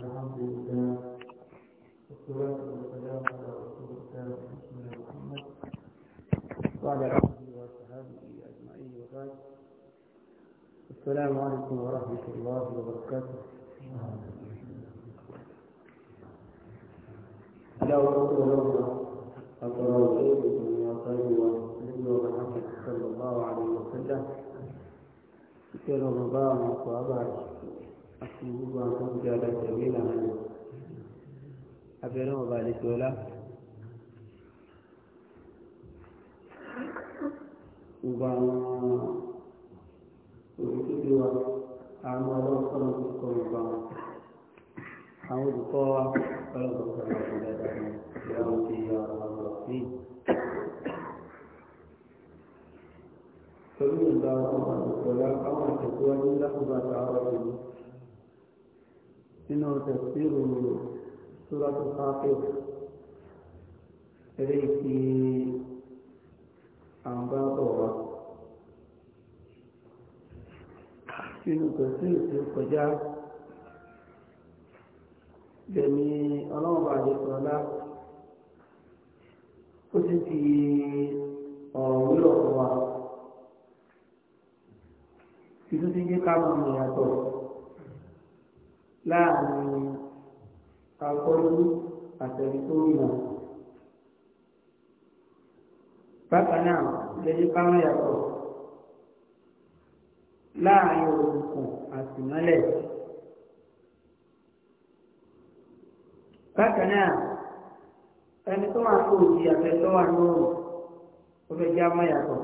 والصلاة والسلام على رسول الله محمد وعلى آله وصحبه أجمعين وبعد السلام عليكم ورحمة الله وبركاته لا أقول لكم أقرأ إليكم صلى الله عليه وسلم في رضا وأبعد gbogbo àwọn tó ń jẹ ọ̀dọ̀ tẹ̀lé ìlànà yìí abẹ́rẹ́ wọn bá lè tó ọlá gbogbo àwọn olùdókòwò wa àwọn ọlọ́pàá náà ti kọ́ gbogbo àwọn àwọn olùkọ́ wa ọlọ́pàá náà ti dáadáa fún ìyàwó ti yọ àwọn ọ̀rọ̀ sí i. Pẹ̀lú ìgbà àwọn olùkọ́ wa àwọn àtẹ̀síwájú lákòókò àtàwọn ọ̀rọ̀ yìí nínú tẹ̀síìrù sóràtò sáfẹ́ eré tí à ń bá bọ̀ wá. nínú tẹ̀síìrù tí ó kọjá bẹ̀ni ọlọ́ọ̀bà àdìsọ́lá ó ti fi ọ̀rọ̀ wúlò wa. Ìtútí jẹ́ ká mọ̀ ìyàtọ̀ láàrin akọ́lù àtẹ̀lẹ́tòmìnà. bákan náà lẹ́yìn báwọn yàtọ̀ láàrin òkùnkùn àti mọ́lẹ̀. bákan náà ẹni tó máa kó òjì àtẹ̀tọ́wà lóòrùn ó fẹ́ já mọ́ yàtọ̀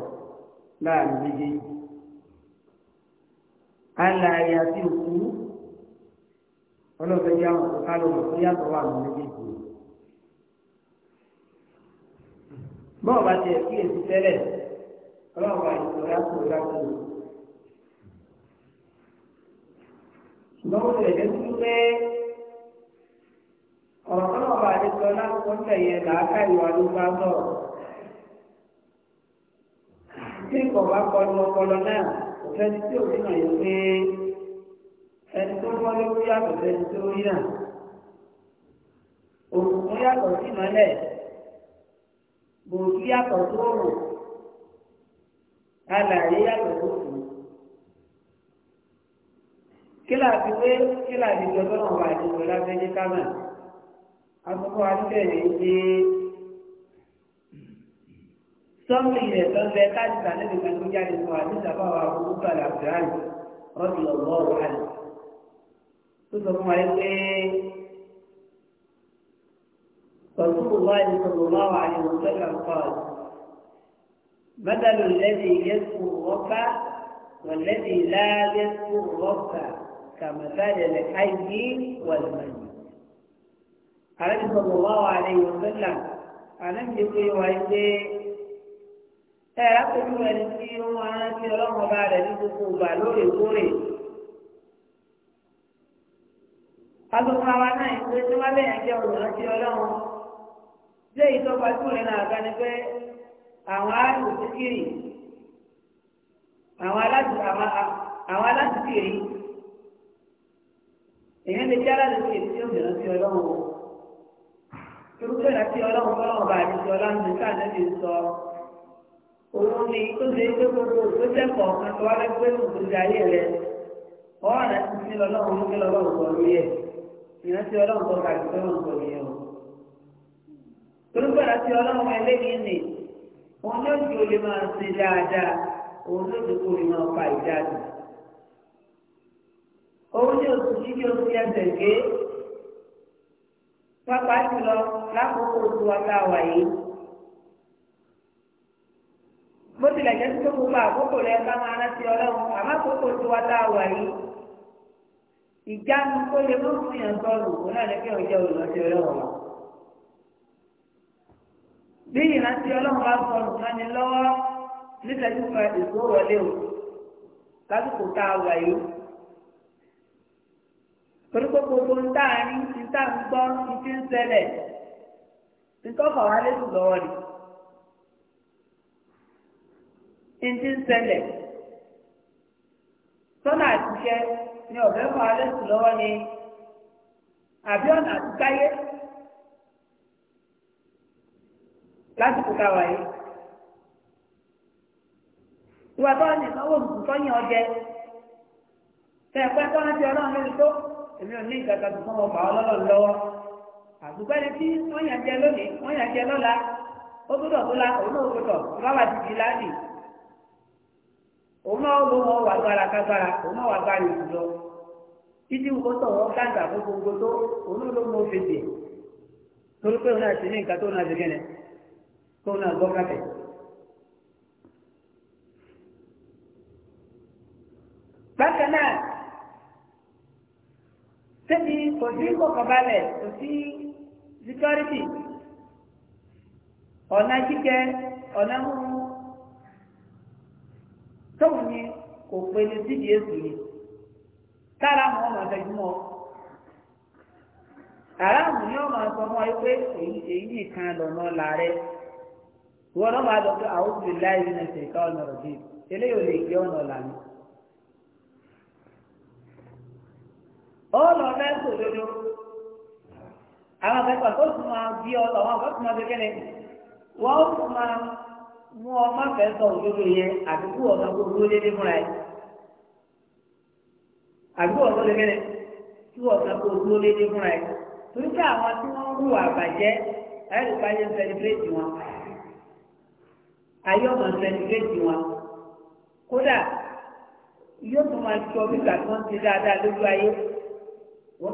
láàrin méjèèjì. alààyè àti òkú ọlọ́fẹ́ yá wọn kó kálọ̀ mọ̀ kó yàtọ̀ wà ní méjèèjì. bọ́ọ̀ bá tiẹ̀ kí èsì tẹ́lẹ̀ ọlọ́run bá ìṣòro yàtọ̀ yàtọ̀. ṣùgbọ́n mo tẹ̀lé sí pé ọ̀rọ̀ tọ́lọ̀ bá àdé sọ lákòókò tẹ̀yẹ làákà ìwà ló bá sọ̀. tí nǹkan bá kọ́ ní ọpọlọ náà òfẹ́ tí òfin náà yẹ pé ẹni tó bọ́ lórí yàtọ̀ sẹ́ni tó rí náà òkùnkùn yàtọ̀ sí mọ́lẹ̀ bòókì yàtọ̀ tó rò alàyé yàtọ̀ tó kù kílà fi wé kílà fi jọ tọ́nà wà ní ìwé lábẹ́lé kámà akókó adúbẹ̀rẹ̀ ń gbé sọ́mù ilẹ̀ tó ń bẹ káàdì sàlẹ̀ nìkan tó jáde fún àdìsàbáwá àbúrúkọ àlàbíráì rọ́bì ọ̀gbọ́ọ̀rọ̀ àlè tó sọ fún wa pé pẹ̀lú wa ni sọ̀rọ̀ wá wà ní òṣèlú àkọọ́lù mẹ́tàlú lẹ́dí yẹ́sù rọ́bà wọ̀lẹ́dí láyẹ́sù rọ́bà kàmẹ́tàlú lẹ́háìdì wọ̀lẹ́mẹ́yì. àrẹ́bí sọ̀rọ̀ wá wà ní òṣèlú àlẹ́bí pé wà pé ẹ̀rá pẹ̀lú ẹni tí ó máa ń rántí ọlọ́mọba rẹ̀ ní gbogbo ìgbà lóòrèkóòrè. kálukú àwa náà ìpè tí wọ́n lẹ́yìn jẹ́ olùrántí ọlọ́run lé ìtọ́gba tó lẹ́nu àgbà ni pé àwọn alùpùpìrì àwọn alátùpìrì èèyàn lè jẹ́ alátùpìrì tí ó mìíràn ọlọ́run o torúkọ ìrántí ọlọ́run fọlọ́run bá ọlọ́run ní ti sọ òun ni tó ṣe pé gbogbo òṣèlú ìrántí ọlọ́run tó ga jù lọ́rùn kò ní o. Olùgbàlà ti ọlọ́run ẹlẹ́yìn nì, òun yóò ju olè máa ṣe dáadáa, òun yóò ju kó olè máa fa ìdáàbò. Òun yóò tún kí yóò fi ẹsẹ̀ gé. Pápá jùlọ lákòókò oṣù àtàwà yìí. Bó tilẹ̀ jẹ́ sí gbogbo àkókò rẹ̀ ká máa rántí ọlọ́run, àmọ́ àkókò oṣù àtàwà yìí ìjánu kó lè mọ́ fún yàn sọ́ọ̀lù kó náà lè fi hàn jẹ́ olùrántí ọlọ́run bí ìrántí ọlọ́run bá sọ̀rọ̀ sani lọ́wọ́ nítẹ̀sí fún èso wọlé o lásìkò tá a wà yìí torí pé gbogbo ń tá a ní ń tá ń gbọ́ ń ti ń ṣẹlẹ̀ ń tọ́kọ̀ wá lẹ́sùn lọ́wọ́ ni ti ń ṣẹlẹ̀. àtijẹ́ ni ọ̀bẹ fún alẹ́ sùn lọ́wọ́ ni àbí ọ̀nà àtikáyé lásìkò táwa yìí. Ìwà tó ní ìsanwó òkùnkùn tó yàn Ṣé tó ọlọ́run lórí tó? Èmi ò ní ìgbàgbọ́ tó fún ọgbà ọlọ́run lọ́wọ́. tí wọ́n yàn jẹ lónìí, wọ́n òun náà ló wọn wà gbára kágbára òun náà wà gbára ìdúró títí nǹkan tó wọn káàdà fún gbogbo tó òun ló mọ fèsì torí pé òun náà ti ní nǹkan tó náà ti gẹ́nẹ̀ tó náà gbọ́ káfẹ́. bákan náà sẹ́ni kò sí kọ̀kọ̀balẹ̀ kò sí security ọ̀nà jíjẹ ọ̀nà múmu. tóun ni kò pe ní sídìí èsì ni tára mọ́ ọmọ ọ̀dẹ́jú mọ́ ma ni ọmọ sọ mọ ẹ pé èyí nìkan lọ́nà làárẹ̀ wọ́n náà máa lọ pé àwọn láì ní ẹsẹ̀ ìka eléyìí ò lè gbé ọ̀nà làánú. ó lọ mẹ́sàn òdodo àwọn akẹ́kọ̀ọ́ tó tún máa bí ọ àwọn akẹ́kọ̀ọ́ tó máa bí mú ọ má fẹ́ sọ òdodo yẹn àdúgbò ọ̀nà gbogbo dédé fúnra ẹ̀ àdúgbò ọ̀nà lè mẹ́rẹ̀ tí ọ̀nà gbogbo dédé fúnra ẹ̀ torí pé àwọn tí wọ́n ń àbàjẹ́ ń wọn ayé ọmọ sẹlẹ̀bírẹ́tì wọn kódà yóò tún máa sọ nígbà tí wọ́n ti dáadáa lójú ayé wọ́n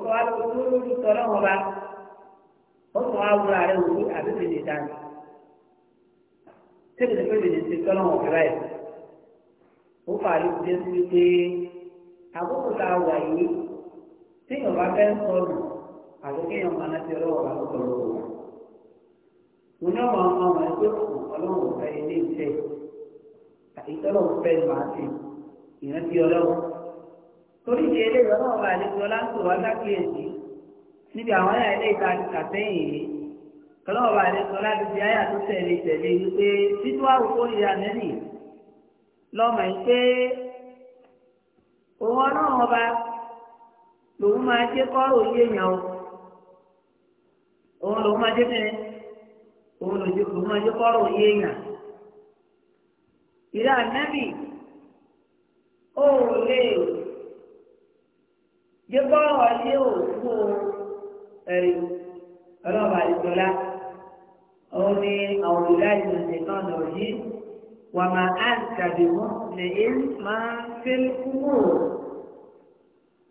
bá wọ́n tí kò ní pé lèyìn ti tọ́lọ́ wọn fẹ́rẹ́ ẹ̀. ó fàárí jẹ́ sí pé àkókò tá a wà yìí tí èèyàn bá fẹ́ sọnù àti kí èèyàn máa ti ọlọ́wọ́ bá tó tọrọ wò. mo ní ọmọ ọmọ ọmọ ẹgbẹ́ òkú ọlọ́wọ́ fẹ́ ilé iṣẹ́ ìtọ́lọ́ fẹ́ máa ti ìrántí ọlọ́wọ́. torí ìdí eléyìí ọlọ́wọ́ bá àlejò ọlá ń sọ̀rọ̀ níbi àwọn kọlọ́wọ́ bá rẹ̀ sọ láti fi àyà tó tẹ̀lé tẹ̀lé wípé títú àwòkọ́ ìyá nẹ́bì lọ́mọ yìí pé òun ọlọ́run ọba lòun máa jẹ́ kọ́rọ̀ òye èèyàn o òun lòun máa jẹ́ bẹ́ẹ̀ òun lòun máa jẹ́ kọ́rọ̀ òye èèyàn ìyá nẹ́bì ó lè jẹ́ kọ́rọ̀ òye òkú ẹ̀rí ọlọ́ba ìjọba òun ni àwọn ìlànà ìṣẹ̀tàn lọ yìí wà máa á tàbí mọ́ lè é máa fi kúrò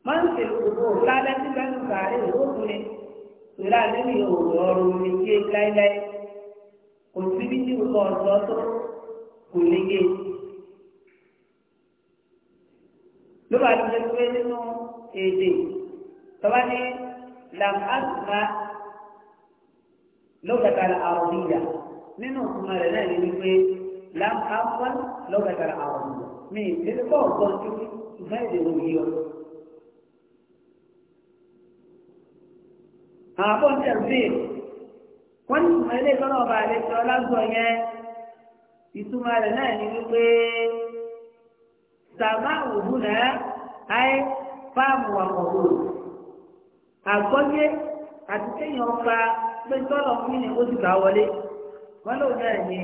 máa ń fi kúrò lálẹ́ tí bẹ́ẹ̀ ń bàárẹ̀ òkùnrin ìlà nínú ìhòòhò ọrùn omi ké láíláí kò síbi tí kò kọ́ ọ̀sọ́ tó kò lége. ló bá ti jẹ́ pé nínú èdè tọ́ba ní làmásùmá. لغة العربية nínú ìtumọ̀ rẹ̀ náà ni pé láàpá lọ́gbẹ̀dàrà àwọn ọmọ mi ìdílébọ̀ ọ̀gbọ́n tó ìfẹ́ ìdèrò yìí ọ. àbọ̀ ń tẹ̀sí wọ́n ní ìtumọ̀ ilé ìtọ́nà ọba àlejò ọlágbọ̀ yẹn ìtumọ̀ rẹ̀ náà ni wípé sàmá òhun náà ayé fáàmù àkọ́kọ́ àgbọ́yé àti kéèyàn ọba. pé tọ́lọ̀ fún yìí ó ti kà wọlé wọn lóò náà ní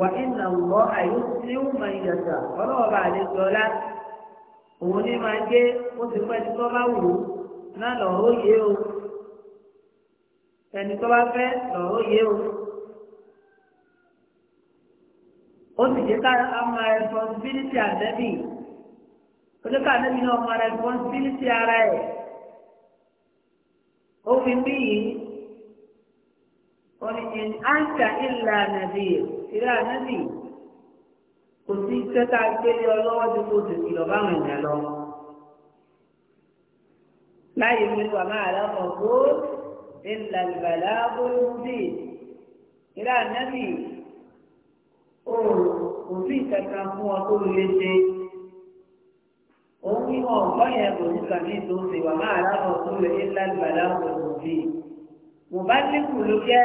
wà ìnà wọ́ àyè tí ó mọ ìyàtà ọlọ́wọ́ bá lè sọ ọlá òun ní máa gé ó ti pẹ́ tí wọ́n bá wù ú náà lọ́ọ́ yé o ẹni tó bá fẹ́ lọ́ọ́ yé o. ó sì jẹ́ ká ọmọ responsibility àdẹ́bì ó jẹ́ náà ọmọ responsibility ara ẹ̀ ó fi bí yìí wọ́n ní in anka illa nadir ìrẹ́ ànábì kò sí tẹ́tà gbélé ọlọ́wọ́ tí kò sì kìlọ̀ báwọn ènìyàn lọ. láyé mi wà máa rẹ ọkọ̀ illa ìbàlá bóyúndì ìrẹ́ ànábì òfin kankan fún ọ tó lè ṣe òun ní ọgbọ́n yẹn kò ní kàmí tó ṣe wà máa rẹ ọkọ̀ illa ìbàlá bóyúndì mo bá dínkù ló jẹ́.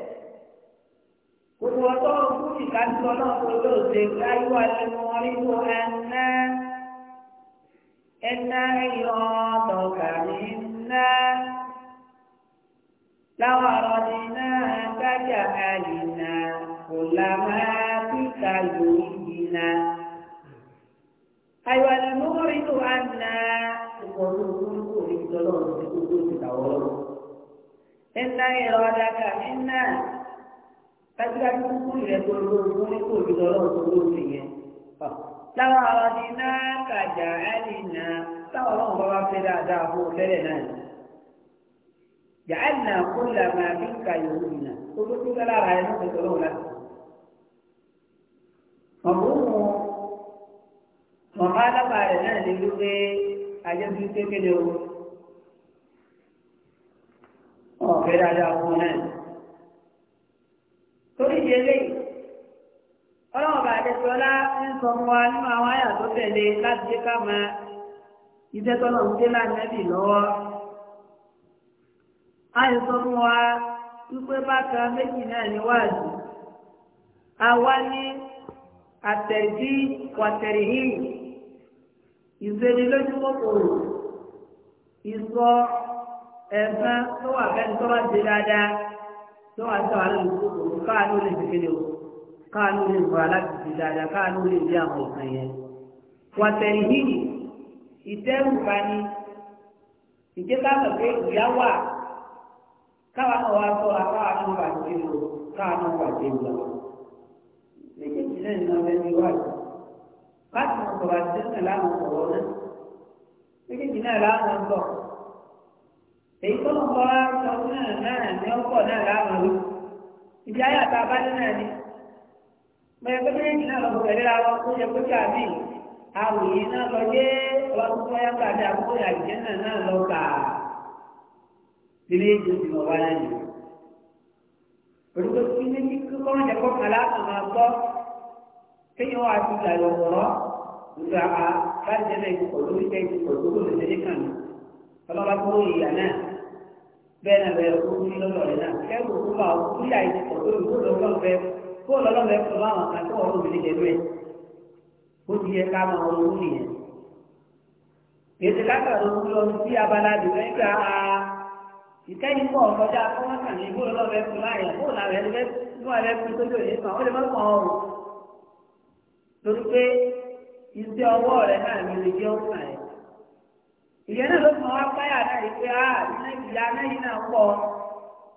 gbogbo ọtọ́ fún ìkájú ọlọ́run tó lò ṣe láyé wà lẹ́nu wọn nínú ẹ̀ná ẹ̀ná ìran tọ̀gà nínú láwọn ọ̀rọ̀ nínú kájà àyìnà kò lámà kíkà lóyìí náà. Àyọ̀ lẹ́nu wọn nínú ẹ̀ná ìkọ̀lù olùkọ́ ìjọlọ́run tó tó ti tàwọ́ lọ́rùn. ẹ̀ná ìrọ̀ ọ̀dàkà nínú dájúdájú kúkú rẹ̀ tó lóògùn ní kò jùlọ lọ́wọ́ tó lóògùn yẹn. lára àwọn ni náà kàjà ẹ̀lì náà táwọn ọlọ́run bá wá fẹ́ dáadáa fún fẹ́rẹ̀ náà. jàẹ́lì náà kó là máa bí ka yòówù náà tó ló tún lára ẹ̀ náà tó lọ́wọ́ láti. ọ̀gbọ́n wọn mọ̀mọ́ alábàárẹ̀ náà ní wípé àjẹsí kékeré o. ọ̀fẹ́ dáadáa fún náà. torí di eléyìí ọlọ́run bá àdéhùn ń sọ fún wa nínú àwọn àyà tó tẹ̀lé láti jẹ́ ká máa iṣẹ́ tọ́lọ̀ ń dé lánàbì lọ́wọ́ àyè sọ fún wa wípé bákan méjì náà ní wáàdì wá ní àtẹ̀jí yìí kòkòrò ìsọ tó wà sọ àlọ́ ìlú káàánú lè fi kéde o káàánú lè fọ aláti fi dáadáa káàánú lè bí àwọn ìkan yẹn. wàtẹ̀ ìhìnì ìtẹ́rù bá ní ìjẹ́ káàkiri pé ìyá wà káwa náà wá sọ àkáàánú wà ní kéde o káàánú wà o. ní sọ̀rọ̀ àti láwọn náà láwọn èyí tó ń kọ́ sọ náà náà ní ọkọ̀ náà láwọn ọ̀rọ̀ ìdí ayé àti abájú náà ni mo yẹ pé méjèèjì náà lọ́kọ̀ pẹ̀lú ara wọn tó yẹ pé kí àbí àwòrán yìí náà lọ yé ọlọ́run tó yá pàdé àkókò àjẹ́ náà náà lọ kà á ilé ìjọ ti lọ wáyé yìí olùkọ́ tí méjì kíkọ́ ń jẹ́kọ́ kàlá àmà gbọ́ kéèyàn wà ti gbà lọ́wọ́ nígbà bá jẹ́ náà ìkọ̀ lórí bẹ́ẹ̀ náà bẹ́ẹ̀ kó ní lọ́dọ̀ rẹ̀ náà kẹ́kọ̀ọ́ kó bá ọ kúlẹ̀ àìsàn tó lù kó lọ́dọ̀ bẹ́ẹ̀ kó lọ́dọ̀ bẹ́ẹ̀ fún báwọn kan tó ọ̀rọ̀ òbí jẹ́ lóye ó ti yẹ ká máa wọ owó nìyẹn. ètò látàrí owó lọ sí abala dùn nígbà ìkẹ́yìn pọ̀ kọjá kó wọ́n kàn ní kó lọ́dọ̀ bẹ́ẹ̀ fún láyà kó làwọn ẹni bẹ́ẹ̀ fún àlẹ́ ìyẹn náà ló fún wa páyà náà yìí pé a ah, ìyá náà yìí náà pọ̀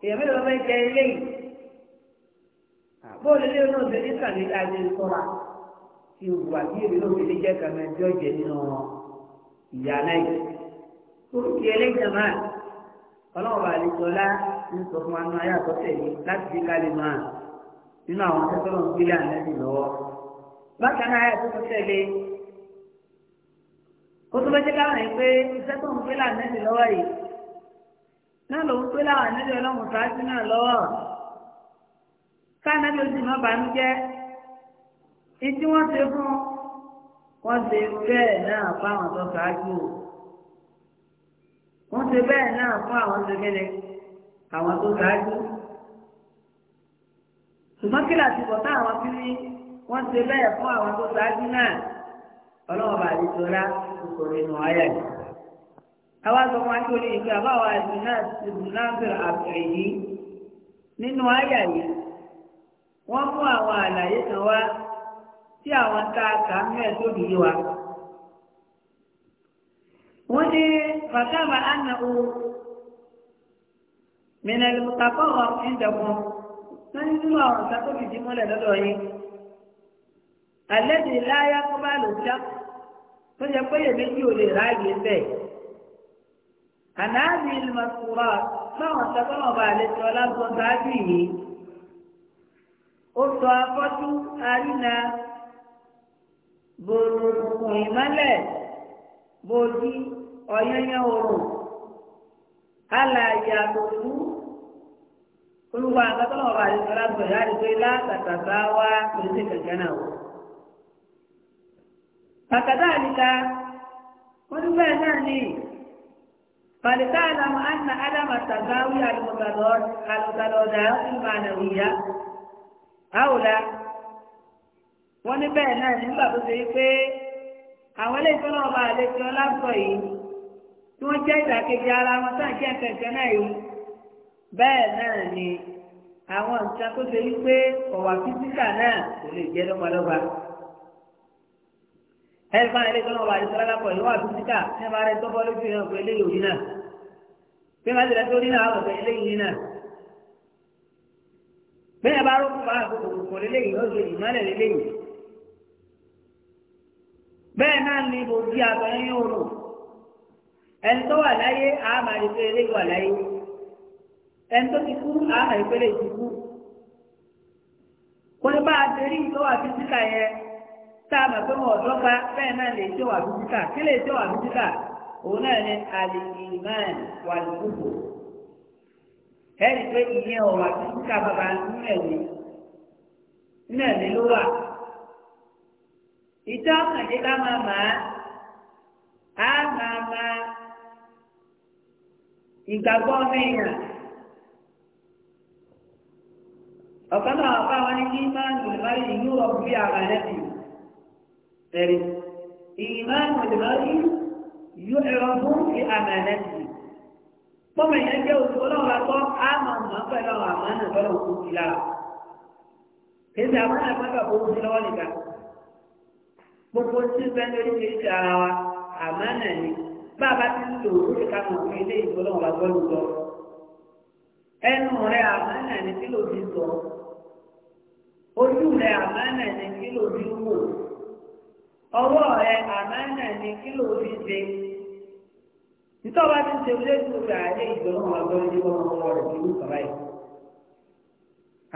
èèyàn mélòó fẹ́ jẹ ilé yìí bóòlù ilé náà ṣe ní sàlẹ̀ ajé sọ́ra tí o wà bí èmi náà ní jẹ́ kàmẹ́ ó jẹ nínú ìyá náà yìí máa bá lè sọ lá ń sọ fún ayé yìí láti fi máa nínú àwọn náà ń gbélé àná ó tún bẹ́ẹ̀ káwọn yìí pé iṣẹ́ tó ń pé lànàbì lọ́wọ́ yìí náà ló ń pé láwọn ànábì ọlọ́run sáájú náà lọ́wọ́ káànábì ó sì má bànújẹ́ ìtí wọ́n ṣe fún wọ́n ṣe bẹ́ẹ̀ náà fún àwọn tó ṣáájú wọ́n ṣe bẹ́ẹ̀ náà fún àwọn tó gẹ́lẹ́ àwọn tó ṣáájú ṣùgbọ́n kí láti bọ̀ tá àwọn kiri wọ́n ṣe bẹ́ẹ̀ fún àwọn tó ṣáájú náà ọlọ́run bàlejò rárá sọ nínú àyà yìí. àwa sọ wọn tó ní ìgbà báwa ẹ̀sìn náà ti dùn náà bẹ̀rẹ̀ àbẹ̀rẹ̀ yìí nínú àyà yìí wọ́n mú àwọn àlàyé kan wá tí àwọn tá kà ń mẹ́ẹ̀ tó dìde wa. wọ́n ní fàkàbà ànàwó mìíràn lùtàkọ́ wọn ń dẹ̀kun wọ́n ní nínú àwọn ìsàkóbìdì mọ́lẹ̀ lọ́dọ̀ yìí. àlejò láyà kọ́ bá lò jákò tó yẹ pé èméjì ò lè ráàyè bẹ́ẹ̀. ànáàbì ìlmọ̀kúrọ̀ táwọn sọ́kọ́nà bá lè sọ lágbọ́n sáájú yìí ó sọ afọ́jú arínà bòròkùn ìmọ́lẹ̀ bòdì ọ̀yẹ́yẹ́ òrùn alàyà lòlú olùwà àgbàtọ́ náà wà lè sọ ìgbé látàtàtà wá pèsè kẹ̀kẹ́ náà wò kàkàdá àlìkà wọ́n ní bẹ́ẹ̀ náà ní fàlìkà àlàmù àná àlàmà tàgáwí àlùkàlọ́dà ìmọ̀ ànàwìyá àwòlá wọ́n ní bẹ́ẹ̀ náà nígbà tó ṣe pé àwọn ilé ìtọ́nà ọba àlejò ọlásọ yìí tí wọ́n jẹ́ ìdàkejì ara wọn sáà jẹ́ kẹ̀kẹ́ náà yìí bẹ́ẹ̀ náà ni àwọn ẹ̀rí fún ẹlẹ́gbẹ́ náà wà àdìsọ́lá lápọ̀ ìlú àti síkà ẹ̀ máa rẹ tó bọ́ lójú ìran pé eléyìí òní náà bí wọ́n ti rẹ tó ní náà àwọn ọ̀gbẹ́ eléyìí òní náà bí ẹ bá rọ́pò bá àkókò léléyìí ó ṣe ìmọ́lẹ̀ léléyìí bẹ́ẹ̀ náà ni mo di àtọ̀ yín oòrùn ẹni tó wà láyé àmàlẹ́ pé eléyìí wà láyé ẹni tó ti kú àmàlẹ́ pé eléyìí ti kú kó lè bá a ṣe tá a mọ̀ wọn ọ̀dọ́ pa bẹ́ẹ̀ náà lè tó wà dúdúkà kí lè tó wà dúdúkà òun náà ni wà lùkùkù pé ìyẹn bàbá ló wà ìtọ́ máa máa á máa máa ìgbàgbọ́ ọ̀kan náà bá wọn ní kí máa ń lò ìlú ọ̀gbìn ẹ̀rí ìmáàmù ìdìbàdì yóò ẹ̀rọ fún ti àmàlẹ́sì pọ́mọ ìyẹn jẹ́ oṣù ọlọ́run àtọ́ àmọ̀ mọ́ pẹ̀lú àwọn àmọ́nà tọ́lọ̀ kú sí lára kèsì àmọ́nà gbọ́dọ̀ owó sí lọ́wọ́ nìkan gbogbo tí bẹ́ẹ̀ lórí ṣe ṣe ara wa àmọ́nà ni bá a bá ti ń lò ó lè ka mọ̀ fún ilé ìṣòro ọ̀la gbọ́dọ̀ lọ ẹnu rẹ àmọ́nà ni kí ló ti sọ ojú rẹ àmọ́nà ni kí ló ti wò ọwọ́ rẹ àmánà ni kí ló fi ṣe ìtọ́wá ti ń ṣe olóògùn rẹ̀ àlẹ́ ìjọba ọgbọ́n ní wọn ọwọ́ rẹ̀ pẹ̀lú bàbá yìí.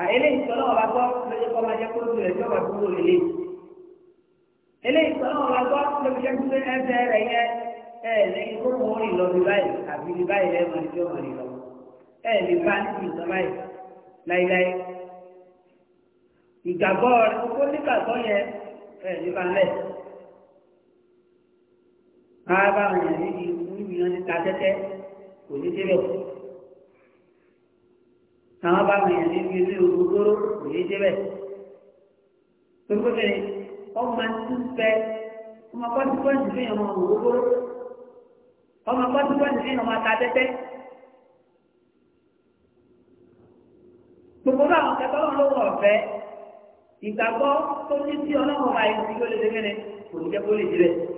àìlè ìtọ́nà ọba gbọ́ lóye kọ́ máa jẹ́ kó lóṣù rẹ̀ tí ọba dúró lélẹ̀ ilé ìtọ́nà ọba gbọ́ lóye jẹ́ pé ẹsẹ̀ rẹ̀ yẹ ẹ lẹ́yìn kó mọ̀ orin lọ bí báyìí àbí bí báyìí lẹ́yìn mọ̀ níjọ́ mọ̀ nílọ ẹ lè bá níbi ìtọ́ báyìí láíláí ìgbàgbọ́ rẹ̀ kó bá àwọn èèyàn níbi níbi wọn ti ta tẹ́tẹ́ kò ní débẹ̀ àwọn bá àwọn èèyàn níbi ilé ògógóró kò ní débẹ̀ gbogbo kẹrin ọmọ tí ń bẹ ọmọ pọ́ńtìpọ́ńtì fi hàn ògógóró ọmọ pọ́ńtìpọ́ńtì fi hàn ọmọ ta tẹ́tẹ́. gbogbo àwọn kẹtọ́ ló wọ̀ ọ̀fẹ́ ìgbàgbọ́ tó ní sí ọlọ́run ọba ìlú ló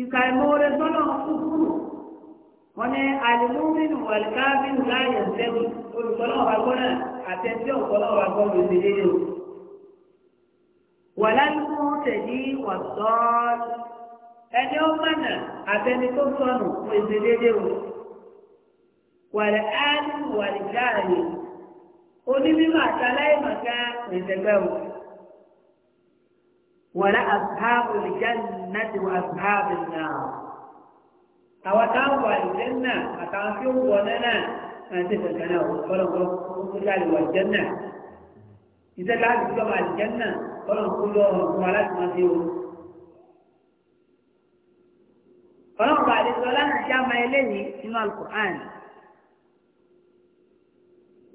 ìsàìmọ́re sọ́nà kúkúrú wọn ni àlùmọ́mìnì wàlùkáàbìn láàyè sẹ́wọ̀n olùkọ́lọ́ ọ̀gbọ́nà àtẹ̀sí ọ̀gbọ́nà ọ̀gbọ́n lòdì nínú. wàlálùkù tẹ̀lé wàsọ́ọ̀n ẹni ó mọ̀nà àtẹni tó sọnù fún ìdílé o. wàlẹ̀ áàlù wàlẹ̀ láàyè onímọ̀ àtàláyé màkà ìdẹ̀gbẹ́ o. wàlẹ̀ àbáwò lè jannati wa ashabin náà àwọn táwọn wà ìjẹ́ náà àtàwọn tí ó wọ náà máa tẹ̀sẹ̀ kan náà kọ́lọ́kọ́ ó jáde wà ìjẹ́ náà ìjẹ́ láti fi ọmọ àìjẹ́ náà kọ́lọ́kọ́ lọ́wọ́ fún wa láti máa ṣe o. ọlọ́pàá àdéhùn ọlọ́run ṣá máa eléyìí nínú alukur'an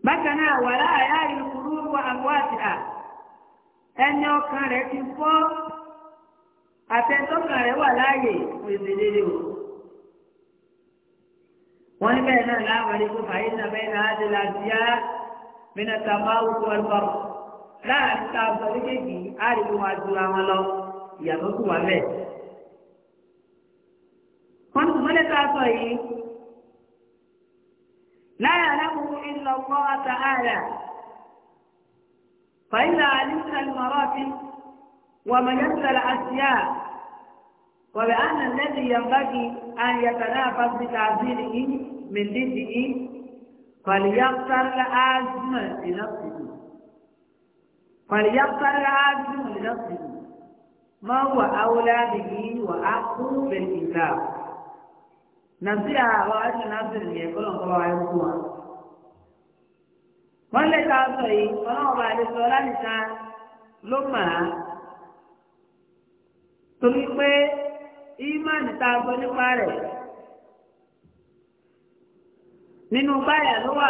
bákan náà wà láàyè àyè kúrú àwọn àti à ẹni ọkàn rẹ̀ ti fọ́ àtẹ̀tọ́kàn rẹ̀ wà láàyè fún ìṣèlérí o. wọ́n ní bẹ́ẹ̀ náà láwọn ẹni kó fàyè náà bẹ́ẹ̀ náà ti là sí á mínàtà máa wù wọ́n lọ. láàrin tá a sọ méjèèjì á rí wọn àdúrà wọn lọ ìyàtọ̀ kù wá bẹ́ẹ̀. wọ́n ní mọ́lẹ́ tá a sọ yìí láyà aláwọ̀ ìlọ́kọ́ àtàhàrà fàyè náà alẹ́ sàlùmọ́rọ́ ti. وميسر الأشياء ولأن الذي ينبغي أن يتنافس بتعزيله من ضده فليقتر العزم لنفسه فليقتر العزم لنفسه ما هو أولى به وأحق بالكتاب نصيحة وأجل نصر يقول الله يقول wọ́n lè ta sọ yìí ọlọ́run bá lè sọ lánìkan ló mọ̀ torí pé ìmánì tá a gbọ́ nípa rẹ̀ nínú báyà ló wà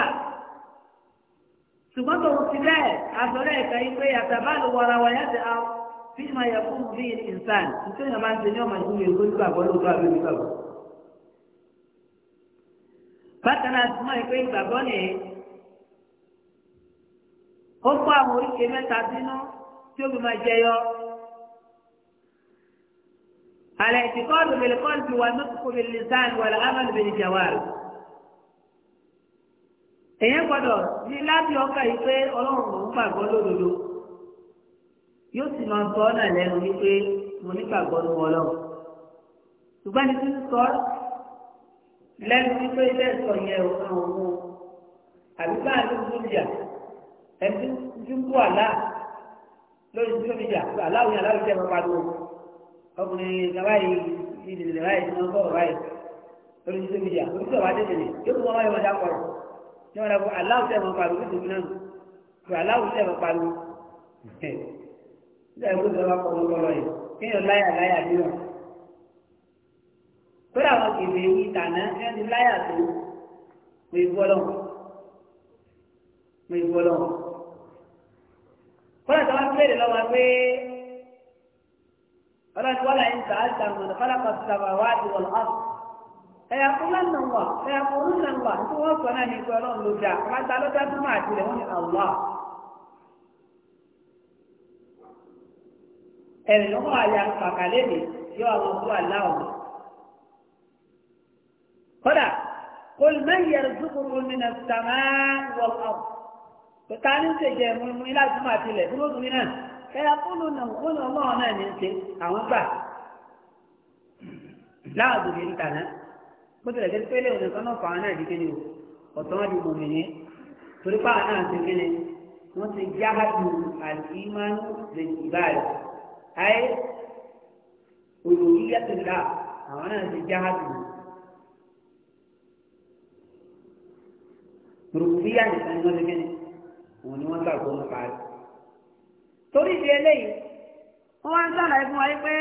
ṣùgbọ́n tòun ti bẹ́ẹ̀ àtọ́lẹ̀ ìka yìí pé àtàbà ló wọra wà yàtọ̀ àwọn ya ìmọ̀ yẹ fún bí ìsàn nítorí ìyá máa ń ṣe ní ọmọ ìlú yẹn lórí gbàgbọ́ lóòótọ́ àbí lórí bákan náà ti mọ̀ ẹ́ ìgbàgbọ́ ni ó kó àwọn oríṣi mẹ́ta sínú tí ó fi máa jẹyọ الاعتقاد بالقلب والنطق باللسان والعمل بالجوارح èyàn gbọ́dọ̀ ní láti ọkà yìí pé Ọlọ́run ló ń gbàgbọ́ lódodo yóò sì máa sọ ọ náà lẹ́nu wípé mo nígbàgbọ́ ní Ọlọ́run ṣùgbọ́n ní tí ń sọ lẹ́nu wípé ilé ẹ̀sọ́ yẹn ò kan òun àbí bá àlọ ìdúnjà ẹni tí ń kú àlá lórí ìdúnjà àláwìn aláwìn jẹ́ bàbá lóhùn ọkùnrin gàbá yìí ti lè lè báyìí tí wọ́n kọ́ báyìí lórí ṣíṣe mídíà lórí ṣíṣe wà tètè ní yóò fún wọn báyìí wọn dá pọ̀ ní wọn dàgbọ́ aláwùsẹ̀ wọn pariwo ní tòmínà tó aláwùsẹ̀ wọn pariwo nígbà yóò fún wọn kọ́ wọn kọ́ lọ yìí kéèyàn láyà láyà bí wọn. kódà wọn kì í fi ìtànà ẹni láyà tó mo ìbú ọlọ́wọ́ mo ìbú ọlọ́wọ́ kódà tó wọn ọlọ́run wọ́n láyé ń من خلق السماوات والأرض؟ sábà الله di الله هو ẹ̀yà fúnlá لجاء wà ẹ̀yà fúnlá nà الله. tí wọ́n sọ náà ní ìgbẹ́ ọlọ́run mi yọ àwọn ọ̀dọ́ aláwọ̀ kódà قل من يرزقكم من السماء والأرض فتعالوا سجى من ملات ما تلي بروض منان ẹ̀yà fóònù náà fóònù ọlọ́run náà ní í ṣe àwọn gbà láàbù ní ìtànà bó tilẹ̀ jẹ́ pé léwu nìkan náà fà á náà di kíni o ọ̀tọ́ wọn di mọ̀mí ni torí pààrọ̀ náà ti kíni wọ́n ti já ju àlìmánú lè jìbá rẹ̀ ayé olùyí yàtọ̀ ìlà àwọn náà ti já ju rògbòdìyà ni wọ́n ti kíni òun ni wọ́n gbàgbọ́ nípa rẹ̀ torí ìdí eléyìí wọ́n wá ń sàlàyé fún wa yìí pé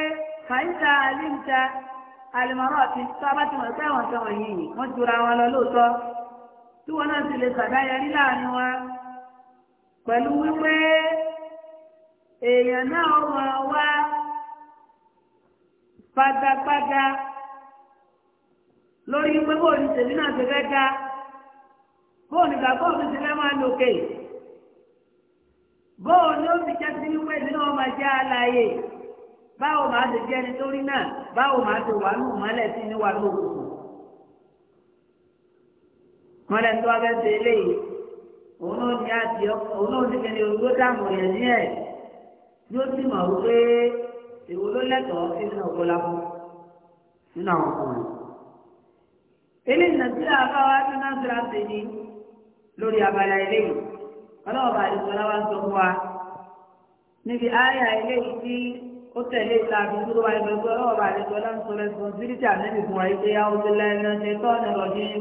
fàyíṣà àlímta àlùmọ́rọ́ ti sábà tí wọ́n sẹ́wọ̀n sẹ́wọ̀n yìí wọ́n jura wọn lọ lóòótọ́ tí wọ́n náà sì lè sàdáyẹrí láàrin wa pẹ̀lú wípé èèyàn náà wọ́n wá padàpadà lórí pé bóòlù tèmi náà ti fẹ́ dá bóòlù gbàgbọ́ mi ti fẹ́ máa lòkè bóò ni ó ti jẹ́ sí wípé nínú ọmọ jẹ́ àlàyé báwo máa ti jẹ́ nítorí náà báwo máa ti wà nù mọ́lẹ̀ sí ní wà ní òkùnkùn. mọ́lẹ̀ tó wá fẹ́ẹ́ ṣe eléyìí òun ó ní àti òun ó ní kẹ́ni olùkó dààmú yẹn ní ẹ̀ yóò sì mọ̀ wípé èwo ló lẹ́tọ̀ọ́ sí nínú ọ̀pọ̀ nínú àwọn ọkùnrin. eléyìí nàìjíríà bá wá sí náà sí ni lórí abala eléyìí ọlọ́wọ́ bá àdìsọ ọlá wa ń sọ fún wa níbi àyà eléyìí tí ó tẹ̀lé ìta àbíkú tó wà ní gbogbo ọlọ́wọ́ bá àdìsọ ọlá ń sọ responsibility ànábì fún wa ìgbé yàwó tó lẹ́nu ṣe tọ́ọ̀nù rọ̀dín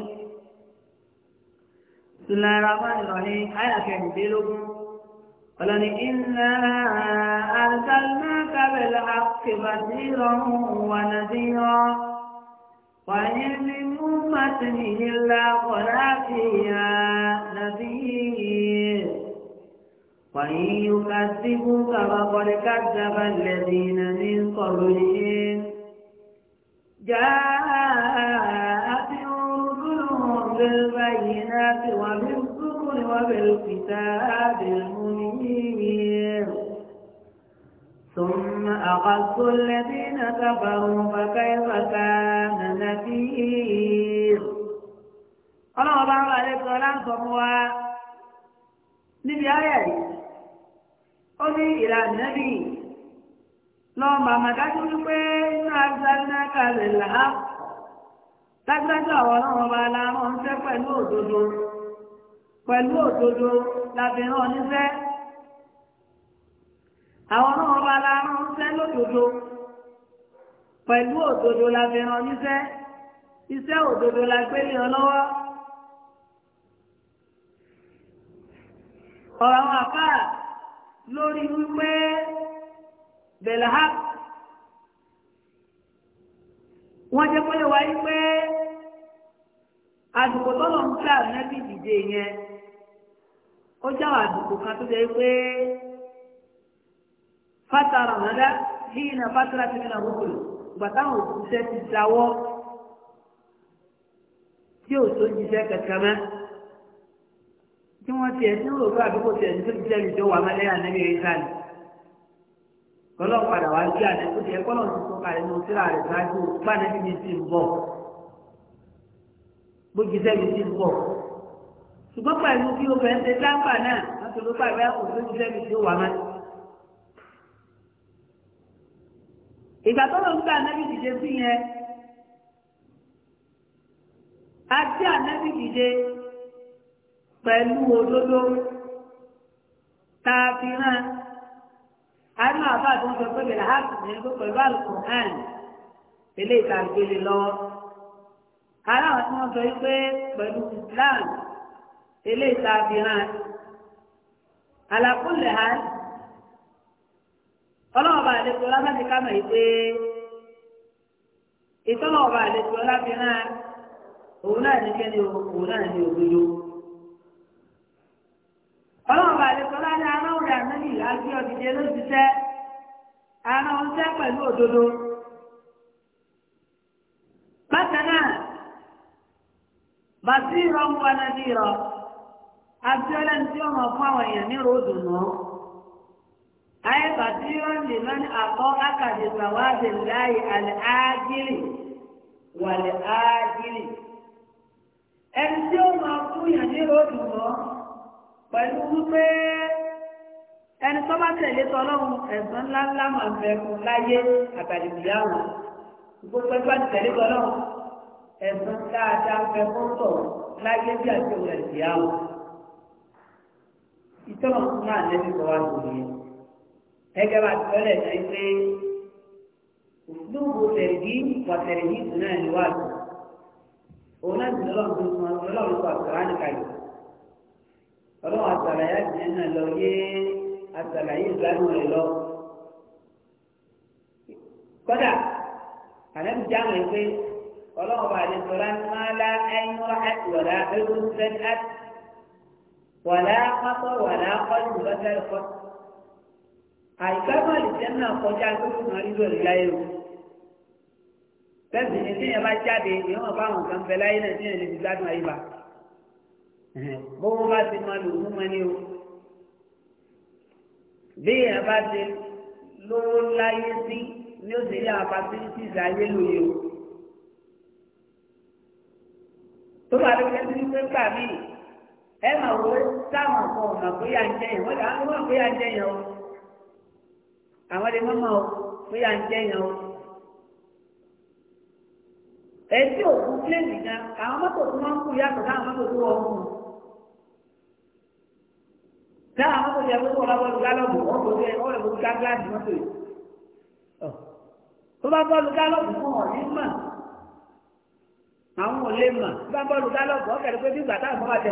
sùnlára máa ń lọ ní ọlọ́ni iná àgbàlá kábẹ̀lá àkèbàdìrọ̀ wà nàdìrọ̀. وإن من أمة إلا خلا فيها نذير وإن يكذبك فقد كذب الذين من قبلهم جاءت رسلهم بالبينات وبالزبر وبالكتاب المنير ثم أخذت الذين كفروا فكيف كان نكير ọlọ́wọ́ bá ń wà lẹ́kọ̀ọ́ láǹkọ̀ mú wa níbi ayẹ̀ yìí ó ní ìlànà bí lọ́wọ́ màmá dájú wípé inú agbára kalẹ̀ là á dájúdájú àwọn ọlọ́wọ́ bá la máa ń fẹ́ pẹ̀lú òdodo pẹ̀lú òdodo làbẹ̀rẹ̀ oníṣẹ́ àwọn náà wọn bá la ránṣẹ́ lódodo pẹ̀lú òdodo la fi ràn níṣẹ́ iṣẹ́ òdodo la gbé lé ọ lọ́wọ́. ọ̀rọ̀ àwọn àbá lórí wípé belhaq wọ́n jẹ́ pé wáyé pé àdùkò tọ́lọ̀ ń tẹ àmì ẹbí dìde yẹn ó jáwọ́ àdùkò kan tó jẹ́ pé. fatara nàdá hìí na fatara ti nà rúkú gbàtà àwọn ti dáwọ́ tí ò tó jíṣẹ́ kẹ̀kẹ́ mẹ́ tí wọ́n tiẹ̀ tí wọ́n rògbò àdúgbò tiẹ̀ tó jíṣẹ́ lè jọ wà mẹ́lẹ́ ànábì rẹ̀ sáàlì kọ́lọ́ padà wá sí àná tó tiẹ̀ kọ́lọ́ ti sọ kalẹ̀ ní òṣìṣẹ́ rẹ̀ sáájú gbànàbí mi ti ń bọ̀ bó jíṣẹ́ mi ti ń ìgbà tó ló ń gbé ànábì dìde sí yẹn a gbé ànábì dìde pẹ̀lú òdodo tá a fi rán àánú àbá tó ń sọ pé bẹ̀rẹ̀ á sì ní kó pẹ̀lú àlùkùnrin tẹ́lẹ̀ ìtàgbélé lọ́wọ́ aláwọ̀ tí wọ́n sọ yìí pé pẹ̀lú Islam tẹ́lẹ̀ ìtàgbélé alákùnrin hàn. ọlọ́ọ̀bà àlejò ọlábàtí kámọ̀ yìí pé ìtọ́lọ́ọ̀bà àlejò ọlábàtí náà òun náà ní kẹ́ni òun náà ní òdodo. ọlọ́ọ̀bà àlejò ọlábàtí aráwùrẹ́ ànáyì àti ọ̀dìdẹ ló odolo. sẹ́ ara pẹ̀lú òdodo. bákan náà ìrọ̀ ń ní ìrọ̀ àti أي بصير لمن أطاعك بثواب الله الآجل والآجل ẹni tí ó máa fún yàn ní ròdù mọ́ pẹ̀lú wípé ẹni tó bá tẹ̀lé tọ́lọ́run ẹ̀sán ńláńlá máa bẹ̀rù láyé àgbàdìgbìyàwó gbogbo ẹgbẹ́ ti tẹ̀lé tọ́lọ́run ẹ̀sán dáadáa bẹ̀rù tọ̀ láyé bí àti òun ẹ̀sìn ìyàwó ìtọ́nà fún máa lẹ́nu ìfọwọ́sowọ́ yẹn gẹ́gẹ́ bá ti tọ́lẹ̀ náà pé òṣùlùmù tẹ̀lẹ́dì pọ̀tẹ̀lẹ́dì tó náà ní wàásù òun náà ti lọ́wọ́ tó sọ ọlọ́run kọ àtàrà nìkàlẹ̀ ọlọ́run àtàrà yá jẹ́ náà lọ yé àtàrà yé ìgbádùn rẹ̀ lọ. kódà àlẹ́bí jáwèé pé ọlọ́run bá lè sọ̀rọ̀ ńlá ẹ̀yìn wọ̀lá ẹ̀rọ sẹ́ńtẹ́t wọ̀lá pápọ̀ wọ̀lá kọ́jú lọ́sẹ̀rẹ̀ fọ́tù àìkábọ̀ àlìjẹ́ náà kọjá gbogbo kan rí lórí láyé o bẹ́ẹ̀ ni tí yẹn bá jáde yẹn wọ́n bá wọn kan bẹ láyé náà tí yẹn lè fi gbádùn ayé bá bówó bá ti máa lò fún wọn ni o bí yẹn bá ti lówó láyé sí ní ó sì rí àwọn facilities ayé lóye o tó bá lóye sí pé gbà mí ẹ máa wo táwọn kan ọ̀nà bóyá ń jẹyàn wọ́n dà á wọ́n bóyá ń jẹyàn o àwọn lè mọ́mọ́ o bóyá ń jẹ́ yẹn o. Ẹtí òkú pléènì gan, àwọn mọ́tò tó máa ń kú yàtọ̀ láwọn mọ́tò tó wọ́n kù. Láwọn mọ́tò yẹ kó wọ́n lọ́wọ́ gálọ́ọ̀bù, wọ́n kò dé ọ̀rẹ́ mo gá gíláàsì mọ́tò yìí. Tó bá bọ́ọ̀lù gálọ́ọ̀bù fún ọ̀ ní mọ̀. Àwọn ò lè mọ̀. Tó bá bọ́ọ̀lù gálọ́ọ̀bù, ọ̀kẹ́rẹ́ pé bí ìgbà táwọn bá bá tẹ̀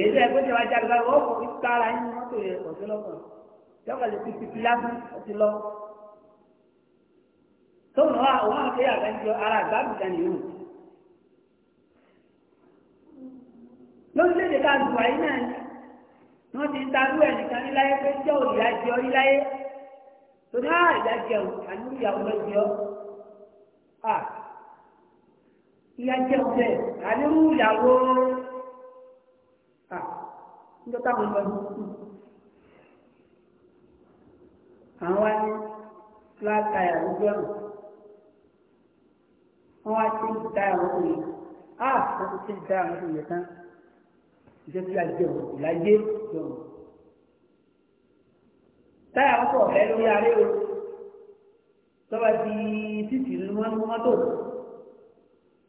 èyí tó yẹ kó tẹ̀wá jáde báyìí wọ́n kò fi kára yín mọ́tò yẹn kò sí lọ́kàn yọ̀kọ̀ lè fi pipi lásán ó ti lọ. tóun wá òun àti àgbẹ̀jọ ara àgbàgbìjà nìyó. lórílẹ̀-èdè ká dùn àyín náà ni wọ́n ti ń darú ẹ̀ nìkan níláyé pé jẹ́ òrìyá jẹ́ tó ní àìyá jẹun àní ìyàwó lọ jẹ́ ọ. ìyá jẹun bẹ́ẹ̀ àní ìyàwó níjọ́ táwọn lọ sí sùn àwọn wá ní flat tire lójú ọ̀nà wọ́n wá sí táyà wọn kò yẹ á ah! wọ́n ti sí táyà wọn kò yẹ tán ìjọ tí a jẹ òkú láyé jọ̀ọ́ táyà wọn kò fẹ́ lórí aré o tọ́ba ti títì ní wọ́n mú mọ́tò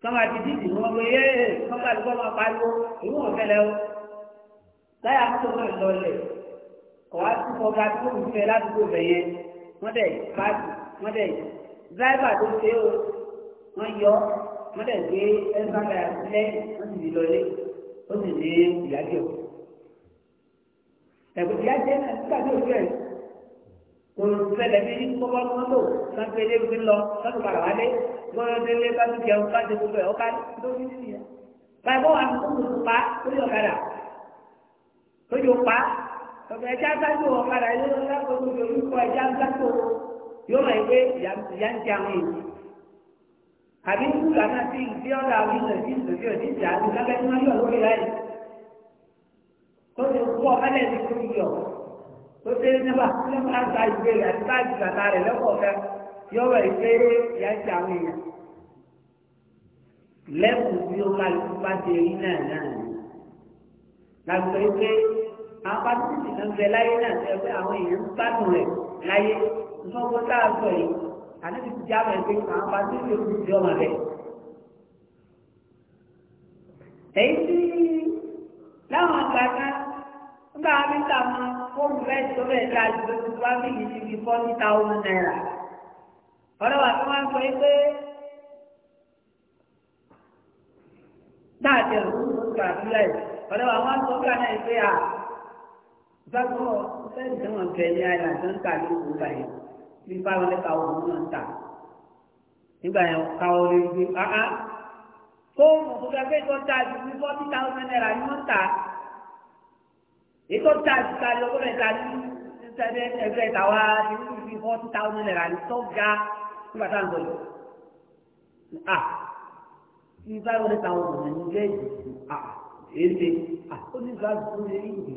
tọ́ba ti títì ní wọ́n mú yẹ́ẹ́ kọ́ńtà ló kọ́ máa pariwo èmi wọ́n fẹ́ táyà mọ́tò náà lọlẹ̀ ọ̀wá tí ọ̀gá tí wọ́n fẹ́ ládùúgbò bẹ̀yẹn wọ́n dẹ̀ báàgì wọ́n dẹ̀ dráìbà tó ṣe o wọ́n yọ wọ́n dẹ̀ gbé ẹ́sàgbà sílẹ̀ wọ́n sì lọlé ó sì ní ìyájọ́ ẹ̀gbọ́n ìyájọ́ náà nígbà tó ṣe olùsẹ̀lẹ̀ bí kọ́kọ́ tó lò sáfẹ́ ilé gbé lọ sọ́dún padà wálé gbọ́dọ̀ délé bá tó jẹun bá tó gbẹ ọ̀ká lórí ìyá. báyìí bọ́ wà lójú pa ọ̀gá ẹja gbájú ọ̀kadà yóò lọ lápò lójú orúkọ ẹja gbájú yóò máa gbé ìyá ń jẹ àwọn èyí. àbí kúlà náà ti ìdí ọ̀dà àwọn ìlú ẹ̀dí ìtòsí òdì ìjà àti lábẹ́ tí wọ́n yọ̀ lórí láyé. tó ti ọ̀kadà ẹ̀dí tó yọ tó ti rí nígbà tí wọ́n máa gba ìgbé rẹ̀ àti báàgì bàtà rẹ̀ lẹ́kọ̀ọ̀kan yóò máa gbé ìyá ń jẹ àwọn èyí. lẹ́kùn tí ó máa lè làgbọ̀ ìgbé àwọn pàtàkì náà bẹ láyé náà tẹ pé àwọn èèyàn ń gbádùn rẹ̀ láyé ìfọwọ́ tá a sọ yìí àdébí ti jáwé pé àwọn pàtàkì yóò fi ọmọ rẹ̀. èyí tí láwọn àgbàkan nígbà mi ta mọ fóònù rẹ̀ tó rẹ̀ ta ju fámìlì ti fi fọ́ọ̀tì táwọn náírà. ọlọ́wà tí wọ́n sọ pé dáàtẹ̀ ló ń sọ àbúrò ọ̀rẹ́ wa wọ́n sọ bí àná ìgbé à gbàgbọ́ sẹ́yìn tí wọ́n bẹ ní àyà tó ń ta ní òkú báyìí bí fáwọn lẹ́ka òun náà ń ta nígbà yẹn káwọn lè gbé áá fóònù tó ga pé tó ta ju ní forty thousand naira ni wọ́n ta ètò ta ju ta lọ kó lè ní sẹ́dẹ̀ ẹgbẹ́ ìtawà ní fífi forty thousand naira ni tó ga nígbà tá à ń bọ̀ yìí ah bí fáwọn lẹ́ka òun náà ń jẹ́ ìdìbò ah èsè àkóníṣàlù tó lè rí ìdè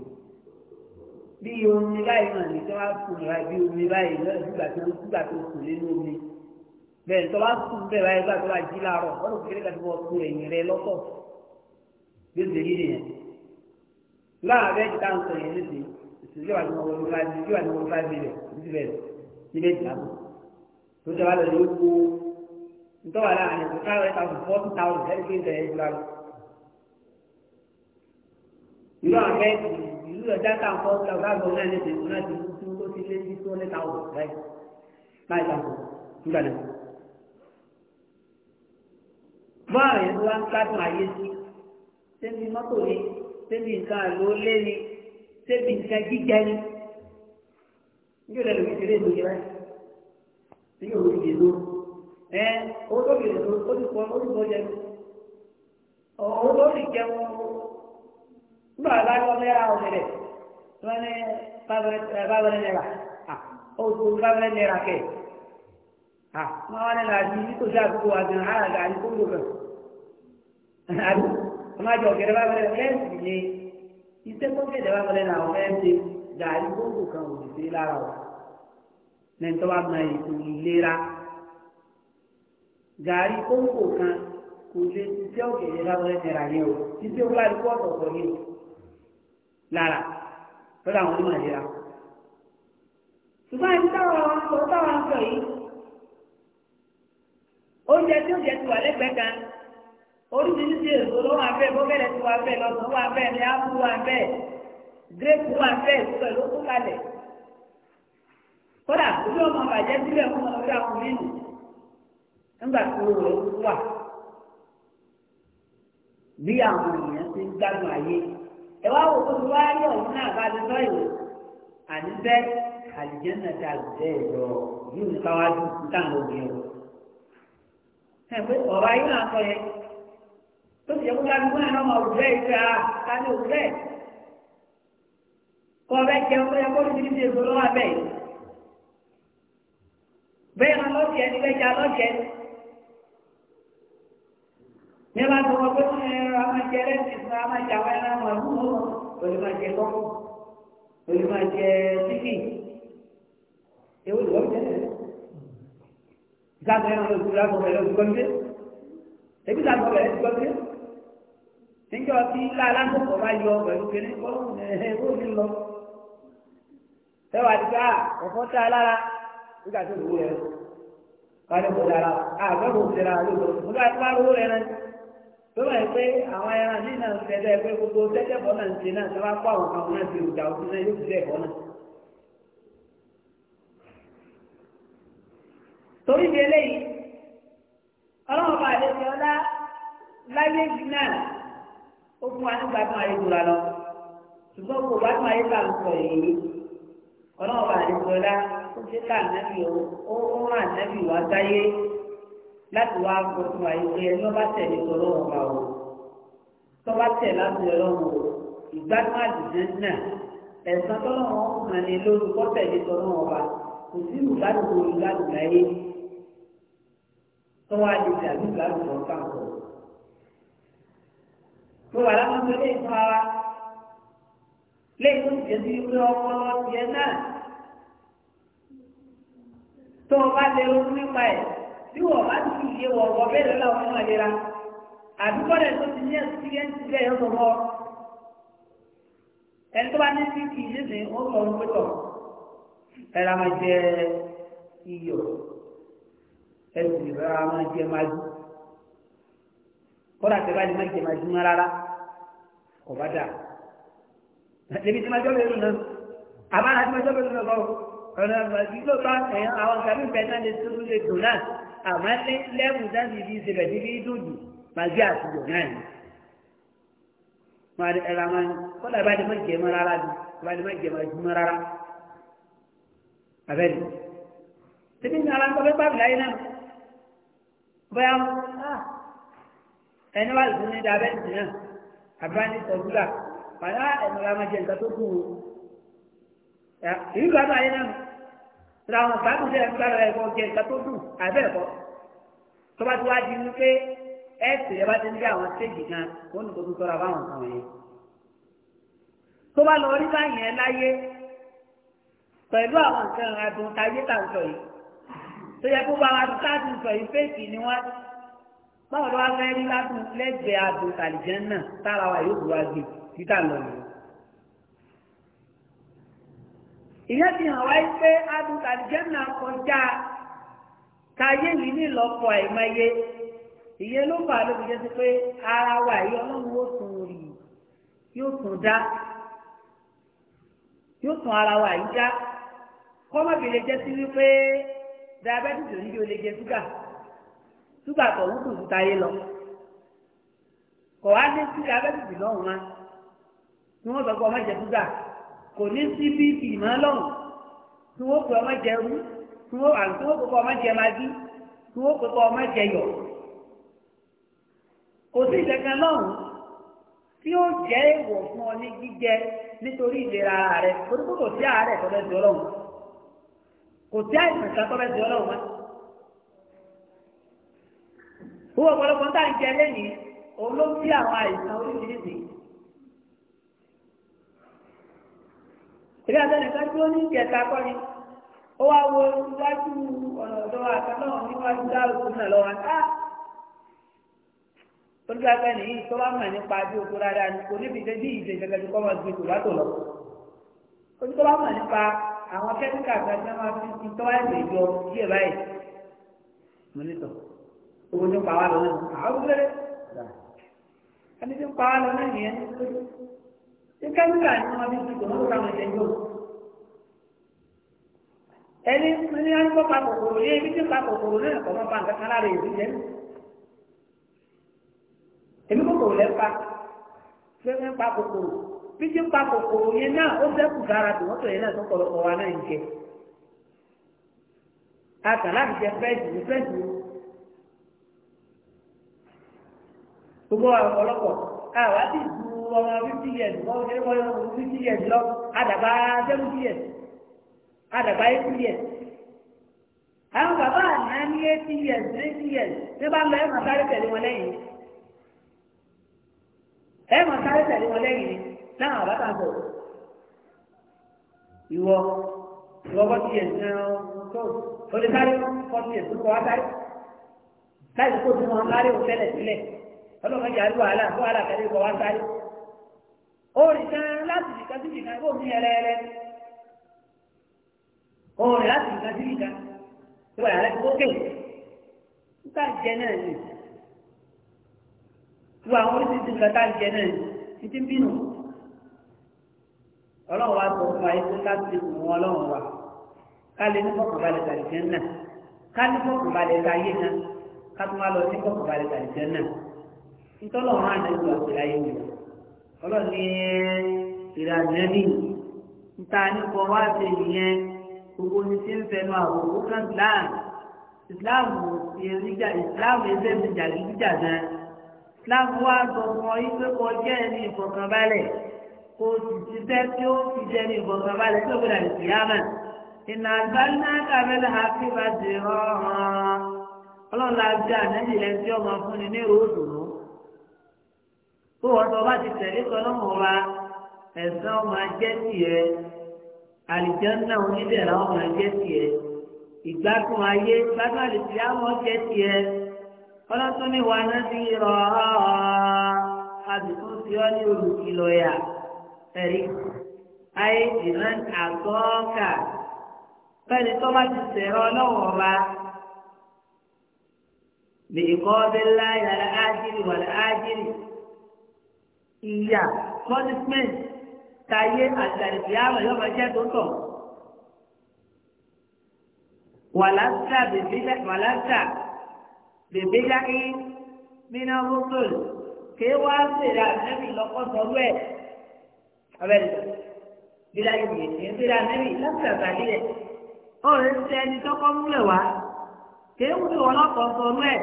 bí omi báyìí mà ní tí wọ́n á sùn ra bí omi báyìí lọ́dọ̀ nígbà tí wọ́n nígbà tó sùn nínú omi bẹ́ẹ̀ tó bá sùn bẹ́ẹ̀ báyìí gbà tó bá jí láàárọ̀ wọ́n lọ kéré kàtó wọ́n sùn ẹ̀yìn rẹ lọ́tọ̀ bí ó ṣe rí nìyẹn láàárẹ̀ ti táwọn sọ yẹn lóde ìṣèjọba ni wọ́n wọlé ìṣèjọba ni wọ́n bá bí rẹ̀ níbẹ̀ níbẹ̀ ìdààmú tó jẹ́ wá lọ ní ó kó ntọ́wà láàárín ìṣèjọba irú àwọn ìlú ọjà tá à ń kọ́ ọ̀gáàgbọ̀ náà ní ìdìbò náà ti mú tó ti lé ní tó lẹ́ta ọ̀gbọ̀n báyìí láì sáfù nígbà náà. bọ́ọ̀lù yẹn ló wá ń gbádùn ayé sí sẹ́mi mọ́tò ni sẹ́mi nǹkan àlò lé ni sẹ́mi nǹkan jíjẹ ni yóò lẹ́nu fi ṣeré ìlú yẹn tí yóò fi dè ló ẹ owó tó fi dè ó ti pọ̀ ó ti pọ̀ jẹ owó tó fi jẹun nígbà bá ní ọmọ ẹ̀rá ọ̀sẹ̀rẹ̀ wọ́n ní bábẹ́rẹ́ náírà oṣù bábẹ́rẹ́ náírà kẹ̀ wọ́n wá ní làásì nítòsí àdúgbò àgbẹ̀rún àràgà ní kóńgò rẹ̀ àbí ọmọ àjọ ọ̀gẹ̀rẹ̀ bábẹ́rẹ́ lẹ́sì ni iṣẹ́ kọ́kẹ́dẹ̀ bábẹ́rẹ́ náà ọ̀fẹ́ ń ṣe gàrí kóńgò kan ò sí lára ọ̀ nẹ́ńtọ́ wa mọ ètò ìlera gàrí kóńgò kan kò lè ṣiṣẹ́ ọ̀gẹ̀rẹ̀ bábẹ́rẹ́ náírà yẹn o ṣiṣẹ́ wúlá lára lọ́dọ̀ àwọn onímọ̀ ìlera. ṣùgbọ́n ẹni táwọn àwọn táwọn sọ yìí oúnjẹ tí oúnjẹ ti wà lẹ́gbẹ̀ẹ́ kan oríṣiríṣi èso ló wà bẹ́ẹ̀ bọ́bẹ̀rẹ̀ ti wà bẹ́ẹ̀ lọ́sàn wà bẹ́ẹ̀ ní ápù wà bẹ́ẹ̀ gírèpù wà bẹ́ẹ̀ pẹ̀lú kú kalẹ̀. kódà ojú ọmọ bàjẹ́ sílẹ̀ fún ọmọ ọdún àkùnrin nù nígbà tí owó rẹ̀ wà bí àwọn èèyàn ti ń gbádùn ayé ẹ̀wá wò kó tó wá rí ọ̀hún náà bá ti sọ ìwé àníṣẹ́ àlìjẹ́nà ti àgbẹ̀ ẹ̀rọ yóò ní káwájú táwọn obìnrin o. ẹ pé ọ̀rọ̀ ayé náà sọ yẹn tó ti yẹ kó dájú fún ẹ̀rọ ọmọ òwúrọ̀ ìfẹ́ a ká ní òwúrọ̀ ẹ̀. kọ́ ọbẹ̀ jẹun tó kó ní ti ṣe lọ́wọ́ abẹ́ bẹ́ẹ̀ ni ọlọ́ọ̀tì bẹ́ẹ̀ jẹ alọ́ọ̀tì ní bá tó wọ́n pé wọ́n yẹ ẹ̀rọ amájẹ lẹ́sìn fún amájẹ àwọn ẹ̀rọ àwọn ẹ̀rọ wọn olè máa jẹ kọ́kọ́ olè máa jẹ tíkì ewu ló jẹ lẹ ìsàkùnrin náà lọ́sùn láti ọ̀bẹ̀rẹ̀ lọ́sùn gbọ́ndé ebi láti ọ̀bẹ̀rẹ̀ lọ́sùn gbọ́ndé níjọ́ tí láàlá tó kọ̀ bá yọ pẹ̀lú kéré kọ́ ẹ̀ ó ní lọ tẹ́wàá ti ọ̀fọ́ tá a lára nígbà tó lù ú rẹ̀ wọ́n á lè dára àgbẹ̀wò ti ra lóko mo tó báyìí pé àwọn ẹran ní náà tẹ́lẹ̀ pé gbogbo tẹ́tẹ́ bọ́ náà ń ṣe náà tó bá àwọn kan náà ti rùjà òkú náà yóò fi bẹ́ẹ̀ bọ́ náà. torí di eléyìí ọlọ́run bá àdéhùn ọlá láyé yìí náà ó fún wa nígbà tó ayé dùrà lọ ṣùgbọ́n kò bá tó ayé bá ń sọ yìí ọlọ́run bá àdéhùn ọlá ó ṣe ká ànábì ó rán ànábì wá sáyé láti wá gbogbo àyíké ẹni wọn bá tẹ̀lé tọ́lọ́ wọn bá wò tó bá tẹ̀ láti ọlọ́run wò ìgbádùn àdìsẹ́ náà ẹ̀sán tọ́lọ́ wọn kàn ní lórúkọ tẹ̀lé tọ́lọ́ wọn bá kò sí ìgbádùn kò ìgbádùn láyé tó wá di ìgbàdùn ìgbádùn wọn kàn kọ́. mo wà láwọn tó lé ìfún ara lẹ́yìn tó ti di pé ọpọlọ tiẹ̀ náà tó o bá lè ronú nípa ẹ̀ bí wọ́n bá ti ṣe wọ̀ wọ́ bẹ́ẹ̀ lọ́la fún àlera àdúgbò rẹ̀ tó ti ní ẹ̀sìkíríẹ́ǹsì bẹ́ẹ̀ yóò sọ mọ́ ẹni tó bá ní sí kì í ṣe ó sọ ọ́n pẹ́tọ̀ ẹ ra máa jẹ iyọ̀ ẹ sì ra máa jẹ májú kọ́ra tẹ bá ní máa jẹ májú mọ́ rárá kò bá dà ẹbí tí máa jọ́ bẹ́ẹ̀ lónìí àbára tí máa jọ́ bẹ́ẹ̀ lónìí lọ́wọ́ ọ̀nà ìgbìlóba ẹ̀yàn àwọn kàmí bẹ́ẹ̀ náà lè tó lè dùn náà àmọ́ lẹ́wù dáàbì bíi ìṣẹ̀lẹ̀ ní bí dùdù màgbé àtijọ́ náà ni. máa ẹ̀rọ àwọn kọ́lá bá ní má jẹ́ mọ́ rárá ni bá ní má jẹ́ mọ́ rárá. abẹ́rẹ́ tẹ́bí ní ara ń tọ́ fẹ́ pàbí láyé náà bóyá ah, ẹni wà lùdú ní dábẹ́ẹ̀tì náà àbúrá ní sọ̀gbúgà pàdá ah, ẹ̀mọ́ra má jẹ́ nǹkan tó kù. ìrúkọ̀ àbáyé náà làwọn gbàdúrà ẹ̀ gbàdúrà ẹ̀kọ́ jẹ nǹkan tó dùn àbẹ́ ẹ̀kọ́ tó bá ti wá di wípé ẹ̀sìn ẹ̀ bá ti ń dé àwọn stéèjì kan ó ní kó tó tọ́ra báwọn kan wọ̀nyẹn tó bá lọ rí báyìí ẹ̀ láyé pẹ̀lú àwọn nǹkan adùn táyé tà ń sọ yìí tó yẹ kó bá wa dùn ká dùn sọ yìí fèsì ni wọ́n báwo ló wá fẹ́ rí ládùn lẹ́gbẹ̀ẹ́ adùn tàlìjẹ́ náà tára wa yóò bu wa gbé títà lọ nìyẹn. ihe fi hàn wáyé pé adùnkàdì jẹ́nà kọjá káyé yìí nílọ́pọ̀ ẹ̀mẹ́yẹ ìyẹn ló fà lóbi jẹ́ sí pé ara wa yìí ọlọ́run ó tún rì yóò tún dá yóò tún ara wa yìí dá kọ́mọ̀bì lè jẹ́ sí wípé diabetes òní yóò lè jẹ ṣúgà ṣúgà tó ń kù lọ kọ̀ wá diabetes lọ́hùn-ún kò ní sí bí ìmọ̀ lọ́hùn tí wọ́n pè ọmọ jẹ rú tí wọ́n pè ọmọ jẹ magi tí wọ́n pè ọmọ jẹ yọ̀ kò sí ìdẹ̀kan lọ́hùn tí ó jẹ́ ìwọ̀ fún ọ ní jíjẹ nítorí ìlera rẹ orúkọ kò sí àárẹ̀ tó bẹ́ẹ̀ sí ọlọ́run kò sí àìsàn tó bẹ́ẹ̀ owó ọ̀pọ̀lọpọ̀ ń tà ń jẹ lẹ́yìn àwọn ìdí àtẹnìkan tí ó ní ìjẹta kọ́ ni ó wá wo iwájú ọ̀nà ọ̀dọ́ àtàlọ́ níwájú dáhùn náà lọ́wọ́ àtà olùdókòwò nìyí tó bá mọ̀ nípa bí oko rárá ni kò níbi ìdẹ́bí ìdè gẹ́gẹ́ bí kọ́mọ̀ gbé kò bá tò lọ. ojú tó bá mọ̀ nípa àwọn kẹ́míkà gbajúmọ̀ máa fi ti tọ́wá ẹ̀sẹ̀ jọ díẹ̀ báyìí. mo ní tọ̀ owó ní pa wá lọ náà àwọn olùdókòwò ẹni tí ń pa wá lọ náà nìyẹn ní kẹ́míkà ni wọ́n fi ti tòun ló káwọn ẹ̀jẹ̀ yóò. ẹni ní wọ́n kọ́ pa kòkòrò yé ibi tí pa kòkòrò náà kọ́ mọ́ pa nǹkan kan lára èyí jẹ́ èmi kòkòrò lẹ́ pa pé wọ́n pa kòkòrò bí tí pa kòkòrò yẹn náà ó fẹ́ kù dára tó wọ́n tó yẹn náà tó kọ̀lọ̀kọ̀ wa náà ń jẹ. a kàn jẹ fẹ́ẹ̀sì ní fẹ́ẹ̀sì gbogbo àwọn ọ̀pọ̀lọpọ̀ káà wá sí gbogbo ọmọ fifty years wọ́n kéré wọ́n yọ fifty years lọ àdàgbà seventy years àdàgbà eighty years. àwọn bàbá àná ní eighty years ninety years ní bá ń lọ ẹ̀mọ̀ sáré tẹ̀lé wọn lẹ́yìn ẹ̀mọ̀ sáré tẹ̀lé wọn lẹ́yìn náà àbáta sọ̀rọ̀ ìwọ ìwọ forty years náà tó o sáré forty years kọ́ sáré láì kó tó wọn láré òun sílẹ̀ ọlọ́mọdé àdúrà wàhálà fún wàhálà kẹ́lẹ́ kọ́ wá sáré orin kan láti nìkan sí nìkan kó mi ẹlẹ́ẹ̀lẹ́ orin láti nìkan sí nìkan tó wà lẹ́kọ̀ọ́ kókè níta jẹ náà ni wo àwọn oríṣiríṣi nǹkan tá a jẹ náà ni títí ń bínú ọlọ́run wa sọ fún wa yìí ká ti mú ọlọ́run wa ká lè ní fọ́ọ̀kù balẹ̀ tàbí jẹ́ náà ká ní balẹ̀ tàyé náà ká tún lọ sí fọ́ọ̀kù balẹ̀ tàbí jẹ́ náà nítorí ọ̀run àná ìlú àti ìlàyé wò ọlọ́ni ìrànlẹ́bí níta nípa wá ṣe nìyẹn gbogbo ní ti ń fẹnu àwòkú kan islam islam ìrìnjà islam ẹgbẹ́ mi jàgídíjà gan islam wá gbọ̀ngàn ipe kọjá ẹni ìfọ̀kànbalẹ̀ kò sì ṣiṣẹ́ tí ó fi jẹ́ ní ìfọ̀kànbalẹ̀ tó gbọdọ̀ lè fìyàmà ìnà àgbáńdá kàmẹ́lẹ̀ àfihàn ti rọrùn ọlọ́run la gbé ànájì lẹ́sí ọmọ fúnni ní ìròdùnú. kó wọn tó bá ti tẹ̀lé tọ́lọ́mù wa ẹ̀sán máa jẹ́ tiẹ̀ àlìjẹ́nà oníbẹ̀ làwọn máa jẹ́ tiẹ̀ ìgbádùn ayé gbádùn àlìjẹ́ àwọn jẹ́ tiẹ̀ ọlọ́tún ní wa náà ti rọ̀ ọ́ sí ọ ní olùkìlọ̀ ẹ̀rí ayé ìran àgọ́ọ̀kà tó bá ti ọlọ́wọ́ ọba lè kọ́ bẹ́ẹ̀ ìyà punishment tayé àgbàdìbí àmọ̀ yóò máa jẹ́ tó tọ̀. wàlásà bèbè yáyé mínà rúkúl kéé wá sèrè ànẹ́bì lọ́kọ́ sọ́rú ẹ̀ abẹ́rẹ́ bílá yìí yìí sèrè ànẹ́bì lọ́sẹ̀ àgbàdì rẹ̀ ó rẹ̀ sẹ́ni tọ́kọ́ múlẹ̀ wá kéé wúlò ọlọ́kọ̀ sọ́rú ẹ̀.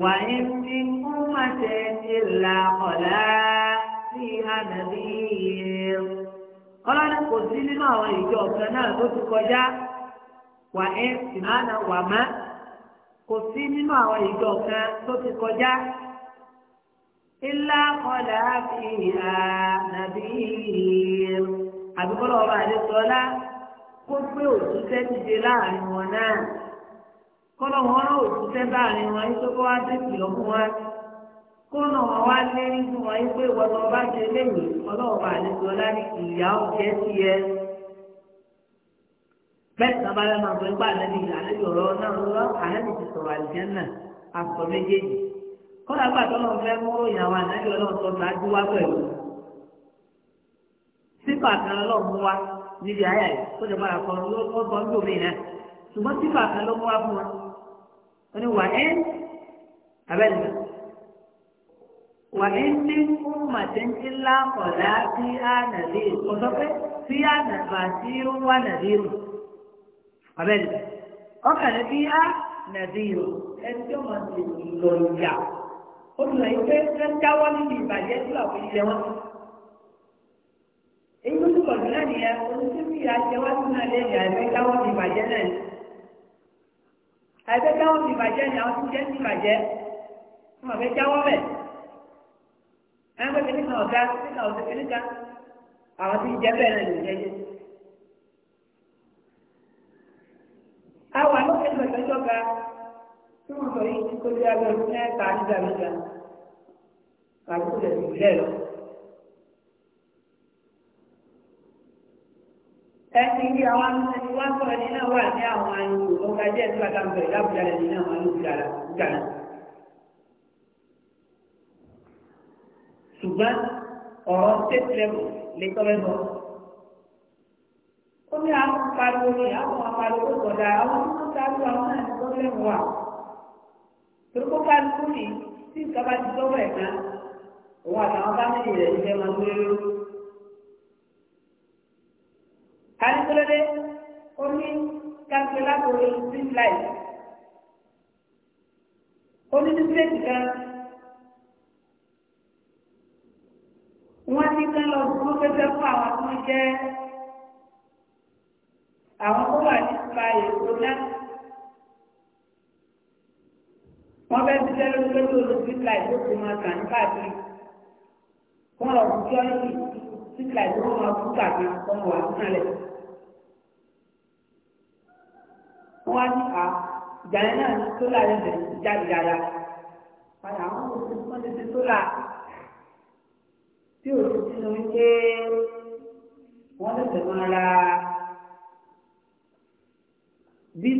وإن من أمة إلا خلا فيها نذير ọlọ́run kò sí nínú àwọn ìjọ ọ̀kan náà tó ti kọjá wà ẹ́ ìmáàna wà má kò sí nínú àwọn ìjọ ọ̀kan tó ti kọjá ilá kọlà fi hà nàbí àbíkọ́lọ́ ọba àdéṣọlá kó pé òtútẹ́ ti dé láàrin wọn náà. kọlọ wọn náà òṣìṣẹ́ láàrin wọn yìí tó kọ́ wá sí ìkìlọ̀ fún wa kọ́nà wọn wá lé nínú wọn yìí pé ìwọ tó bá ṣe ọlọ́wọ́ bá lè sọ láti ìyá sí ẹ. bẹ́ẹ̀ bá lẹ́nu àgbẹ̀ gbà lẹ́nu ìyá lẹ́yìn ọ̀rọ̀ náà ti sọ̀rọ̀ náà àpò méjèèjì lọ fẹ́ mú ìyàwó ọlọ́run tó ṣáájú wọ́n ní wà ẹ́ abẹ́lẹ̀ wà ẹ́ ní fún màtíńtìlá ọ̀dà tí a nàdí ọ̀sọ́pẹ́ tí a nàbà tí ó wà nàdí rù abẹ́lẹ̀ ọkàn ní bí a nàdí ẹni tí ó máa ti lọ ìyá olùlọ yìí pé ẹ jáwọ́ níbi ìbàjẹ́ tí wà fún ilé wọn. èyí ló ti pọ̀ náà nìyẹn oníṣẹ́ bí ìyá jẹ wá sí náà lẹ́yìn àìsàn jáwọ́ ìbàjẹ́ náà àìsẹ́ jáwọ́ ti bàjẹ́ ni àwọn tí jẹ́ ti bàjẹ́ wọn àbẹ jáwọ́ bẹ̀ ẹ̀yìn pé kìnìkan ọ̀gá kìnìkan ọ̀sẹ̀ kìnìkan àwọn tí jẹ́ bẹ́ẹ̀ náà lè jẹ́ yé. àwọn àlọ́kẹ́ ìgbàgbọ́ ìjọba tí wọ́n sọ yìí kó lé abẹ́ òṣìṣẹ́ ta nígbà mẹ́ta tàbí kó lè lè lọ. ẹni bí àwọn ẹni wá sọ̀rọ̀ ní náà wà ní àwọn àyùkò ọ̀gá jẹ́ ìtura kan bẹ̀rẹ̀ lábùjá lẹ́ni náà wọn ló gbàdá gbàdá. ṣùgbọ́n ọ̀rọ̀ state level lè tọ́lẹ̀ bọ̀. ó ní àwọn pariwo ní àwọn apariwo sọ̀dá àwọn tó dájú àwọn náà ní tọ́lẹ̀ wà. torí kó bá ní tí nǹkan bá ti tọ́wọ́ ẹ̀ náà òun àtàwọn bá mẹ́rin rẹ̀ ní kálíkúlódé ó ní kánkélá kò lè sí láì ó ní dísírẹ́tì kan wọ́n ti kán lọ fún pẹ́pẹ́ fún àwọn tó ń jẹ́ àwọn tó wà nípa èso náà wọ́n bẹ́ẹ̀ ti sẹ́lẹ̀ lórí olóòtú ìtìlá ìlú tó máa kà ní káàkiri wọ́n lọ fún kí yìí títí ìlà tó máa kú kàkiri kọ́ wà nílẹ̀. wọ́n á ní à ah, ìjà náà ní sólà yẹn bẹ̀rẹ̀ sí jáde dára padà àwọn òṣèlú wọn ti ti sólà tí òṣèlú ti lọ wípé wọ́n lè tẹ̀ máa ra tí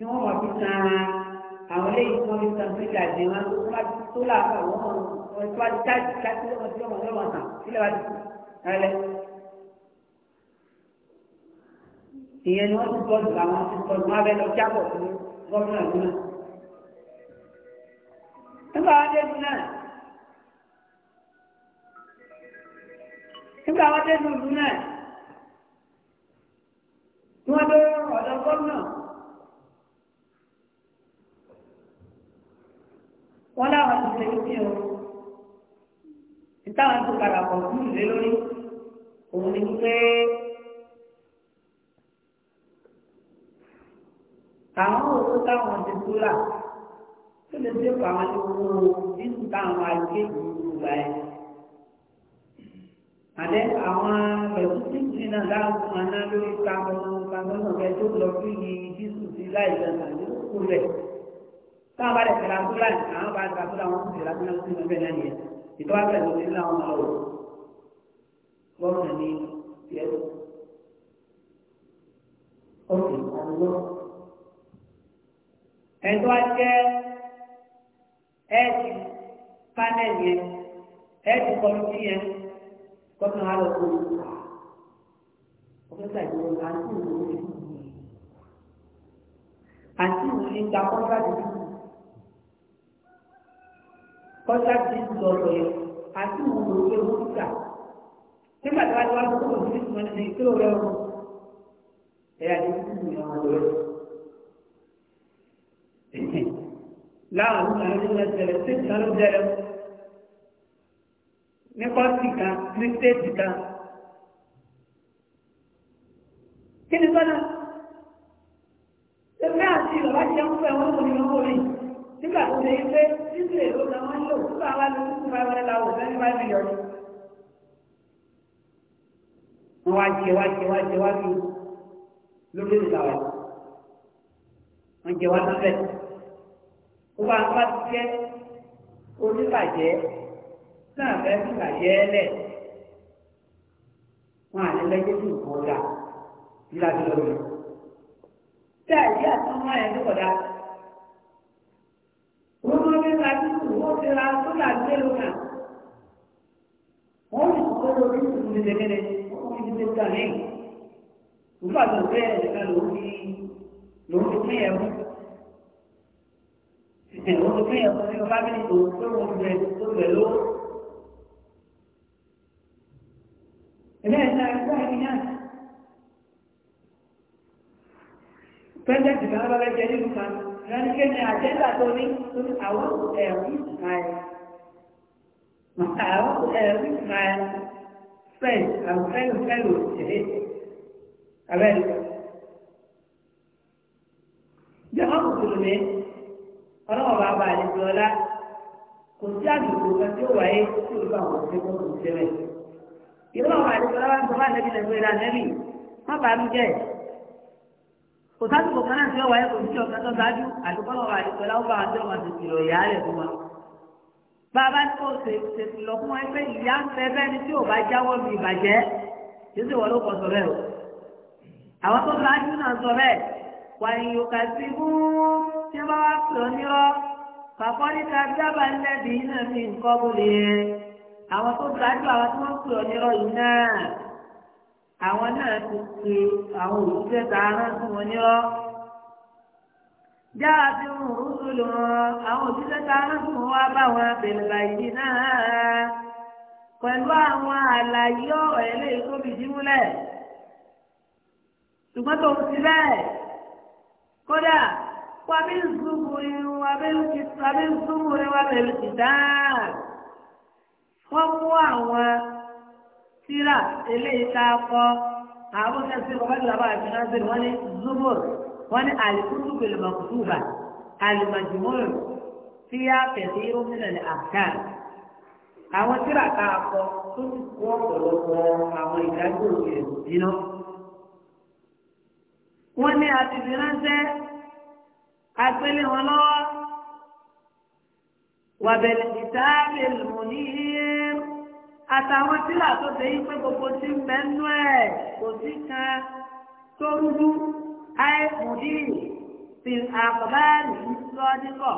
wọ́n wà fi kan àwọn eléyìí tí wọ́n fi kan fíjà dé wọn tó bá ti sólà àwọn ọmọ wọn tó bá ti jáde jáde lọ́wọ́ tí wọ́n wọ́n lọ́wọ́ sílẹ̀ bá ti sùn ìyẹn ni wọ́n ti tọ́jú àwọn ti tọ́jú wọn abẹ́ lọ jábọ̀ fún gómìnà ìlú náà. nígbà wọn dé ìlú náà nígbà wọn dé ìlú náà ni wọ́n dé ọ̀dọ̀ gómìnà. wọ́n láwọn ti ṣe ibi o ìtàwọn tó padà bọ̀ fún ìlú lórí òun ni pé. àwọn òkú táwọn ti kú rà tó lè dé pa àwọn owó nínú táwọn akéwì ìlú wa ẹ̀. àdé àwọn lọ́sítìkì náà dáhùn fún aná lórí káwọn káwọn náà fẹ́ tó lọ fún yìí jésù sí láì dandan ní kókó rẹ̀. táwọn bá dẹ̀ fẹ́ra fúlà àwọn bá dẹ̀ fúlà wọn fẹ́ra fúlà wọn fẹ́ra fúlà nìyẹn ìtọ́wá fẹ́ lórí láwọn máa wò. gbọ́dọ̀ ni tiẹ̀ ó sì ẹ̀tọ́ ajẹ́ ẹ̀ẹ́dì panẹ́ẹ̀lì yẹn ẹ̀ẹ́dì kọ́mítì yẹn kọ́mítì wa lọ kó ọ̀fẹ́sà ìdúró àti ìwòye àti ìwòye gba kọ́ńtàdì kọ́ńtàdì lọ́dọ̀ yẹn àti ìwòye owó títà nígbà tí wọ́n ti wá lọ́kọ́ òfin ìtumọ̀ nínú ìkérò rẹ̀ ọ̀hún ẹ̀yà ìdúró ìyàwó rẹ̀ láàrú àwọn ẹgbẹ́ ṣẹlẹ̀ ṣé ìtàn ló jẹ́ ní pọ́ọ̀tì kan ní stéètì kan. kí ni sọ́nà ṣé bẹ́ẹ̀ àti ìlọ́wọ́ ti ń fẹ́ wọn lórí lọ́wọ́ mi nígbà tó ṣe pé títí èrò làwọn ń lò nígbà wà lórí fún bá wọlé làwọn ní gbogbo bá ti jẹ́ oníbàjẹ́ náà fẹ́ fi bàjẹ́ lẹ̀ wọn à ní lẹ́jọ́ tó nǹkan ọ̀la nígbà tó lọ́wọ́ tí àìsí àtúnmọ́ ẹ̀ ló kọ̀dá wọ́n máa fi ra títù wọ́n ti ra sólà gbé lónà wọ́n sì kọ́ lórí ìtumù ní lẹ́gẹ́dẹ́ wọ́n fi ti tẹ̀sán lẹ́yìn nígbà tó bẹ́ẹ̀ nìkan lòún fi lòún fi pín ẹ̀ fún ìwọ tó kéèyàn tó nínú fámìlì tó tó wù bẹ tó bẹ ló. ilé ẹ̀ka ẹgbẹ́ ẹ̀mí náà pẹ́ńtẹ́tì kan lọ́wọ́ jẹ́ nínú kan lẹ́nu kí ni àjẹ́ńdà tó ní tó ní àwọn ẹ̀rú ìsìnkáyà àwọn ẹ̀rú ìsìnkáyà friends and fellow fellows today abẹ́rẹ́. jẹ́ ọ́n kùtùmí ọlọ́wọ́ bá bá àlejò ọlá kò sí àgbègbè kan tí ó wáyé tí ó bá wọn ṣe kókò ṣẹlẹ̀. ìlú àwọn àlejò ọlá wá ń sọ wá nẹ́bí lẹ́gbẹ́ ìlà nẹ́bí má bàa mí jẹ́ kò sásìkò kan náà tí ó wáyé kò sí ọ̀kan tó dájú àdúgbò ọlọ́wọ́ àlejò ọlá bá wọn tí wọn ti kìlọ̀ ìyá rẹ̀ fún wa. bàbá tí kò ṣe lọ fún ẹ ìyá ń fẹ́ tí ò bá jáwọ́ mi ìbàjẹ́ yóò ṣe ló kọ sọ bẹ́ẹ̀ o. àwọn tó dájú náà sọ bẹ́ẹ̀ wàyí yóò kà tí wọ́n bá pè ọ́ nírọ́ fàkọ́ríta dábà lẹ́bi iná mi nǹkan bùlẹ̀ yẹn àwọn tó gbájú àwọn tí wọ́n pè yìí náà àwọn náà ti pe àwọn òṣìṣẹ́ tá a rán sí wọn nírọ́ jáà fi hùn rúdùlù wọn àwọn òṣìṣẹ́ tá a rán sí wọn wá bá wọn bẹ̀rẹ̀ báyìí náà pẹ̀lú àwọn àlàyé ọ̀rọ̀ eléyìí tó fìdí múlẹ̀ ṣùgbọ́n tó ń ti bẹ́ẹ̀ kódà wàbíńsúmùrì wàbíńsìdáàn wọ́n mú àwọn tíra eléyìí tá a kọ́ àwọn kẹsì ọ̀bẹ́ni làbá àti násìrì wọ́n ní zúmùr wọ́n ní àlìkútù pèlèmọ̀kútùbà àlìmọ̀jùmùr tí a kẹsì ìrúmìnà ní àkàn àwọn tíra tá a kọ́ tó ti kú ọ̀pọ̀lọpọ̀ àwọn ìdájọ́ òkè nínú. wọ́n ní àti fi ránṣẹ́ agbélé wọn lọ́wọ́ wàbẹ̀lẹ̀ ìtàgé lòní àtàwọn tílà tó ṣe yí pé gbogbo tí ń bẹ nú ẹ̀ kò sí kan tó rúdú àìkùdí fi àkọ́báàlì lọ́dínkọ̀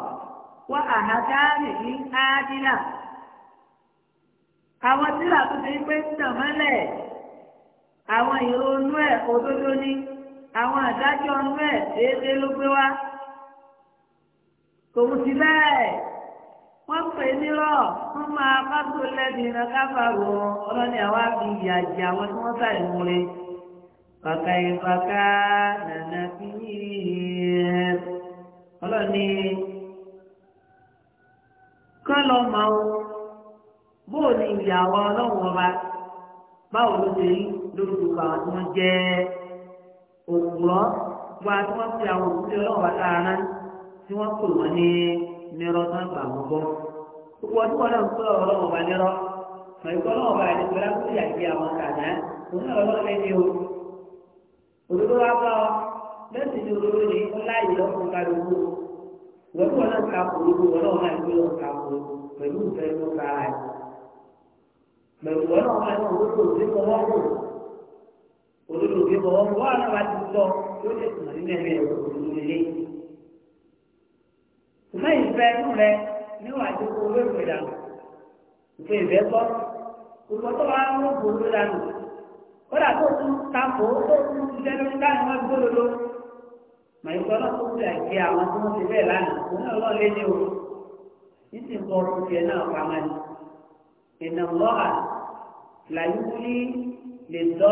wọ́n àhágáàlì ní ádìlà àwọn tílà tó ṣe yí pé tàn mọ́lẹ̀ àwọn ìrònú ẹ̀ òdodo ni àwọn àdájọ́ nú ẹ̀ déédéé ló gbé wá tòun ti bẹ́ẹ̀ wọ́n pè é nírọ̀ wọ́n máa kátó lẹ́nu iná káfàrò ọlọ́ni àwa fi ìyà jẹ àwọn tí wọ́n sàì múre bàkàìbàkà nànà fi yíyẹ ọlọ́ni kọ́lọ́ máa ń bóò ní ìyàwó ọlọ́run ọba báwo ló ṣe rí lórí gbogbo àwọn tí wọ́n jẹ́ òwúrọ̀ gbogbo àwọn wọ́n fi àwọn òkúté ọlọ́run ọba sára náà tí wọ́n pè wọ́n ní nírọ́ tán gbà wọ́n gbọ́. gbogbo ọdún wọn náà ń pè ọ̀rọ̀ wọn bá nírọ́ màìkọ́ náà bá ẹni pẹ̀lú àkókò yàgbé àwọn kàdá òun náà lọ́wọ́ lẹ́ni o. òdodo wa bá ọ lẹ́sìn ní òdodo ní láàyè lọ́kùn kálukú wọ́n wọn náà ka polówó wọn náà máa ń gbé wọn ka polówó pẹ̀lú ìfẹ́ tó kára ẹ̀. pẹ̀lú wọn náà máa ń wọ́n kó òbí kọ́wọ́ kó òdodo òbí kọ́wọ́ kó náà bá ti sọ yóò ṣùgbọ́n ìfẹ́ inú rẹ níwọ̀n àti owó ìwé dànù ìfẹ́ ìfẹ́ kọ́ gbogbo tó wàá wọ́n bò ó dànù kódà tó tún takò tó tún ṣiṣẹ́ lórí káàní wọn gbólólo màyí kọ́ náà tó ti àti àwọn tí wọ́n ti bẹ́ẹ̀ lánàá òun náà lọ́ọ́ lé ní o títí nǹkan ọ̀rọ̀ tiẹ̀ náà pamọ́ ni làyúkúlí lè ìyá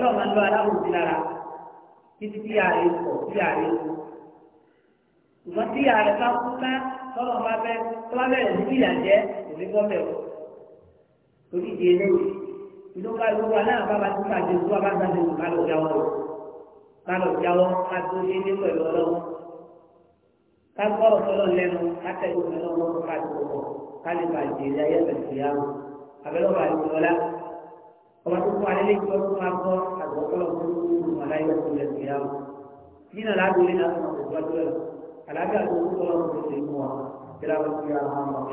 òun làwọn títí tí ààrẹ kọ̀ tí ààrẹ kú. ṣùgbọ́n tí ààrẹ bá kú ká tọ́lọ̀ bá bẹ́ tó bá bẹ̀rẹ̀ sí ìyà jẹ́ òní bọ́bẹ̀ o. torí ìdí eléyìí inú ká ló wà náà bá ba tó bá jẹ tó bá bá jẹ ká lọ jáwọ́ o. ká lọ jáwọ́ ká tó ṣe ní pẹ̀lú ọlọ́wọ́. ká gbọ́ ọ̀sọ́lọ́ lẹ́nu ká tẹ̀lé òmìnira ọlọ́wọ́ ká ti kọ̀ ká lè bàjẹ́ ilé ayé ẹ̀ ọba tó kọ alẹ́ lé ìjọba tó máa gbọ́ àgbọ̀kọ́lọ́ fún ولا يدخل لنا الله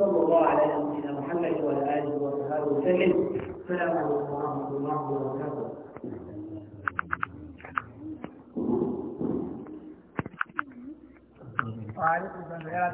الله على نبينا محمد وعلى آله وصحبه وسلم سلام عليكم ورحمة الله وبركاته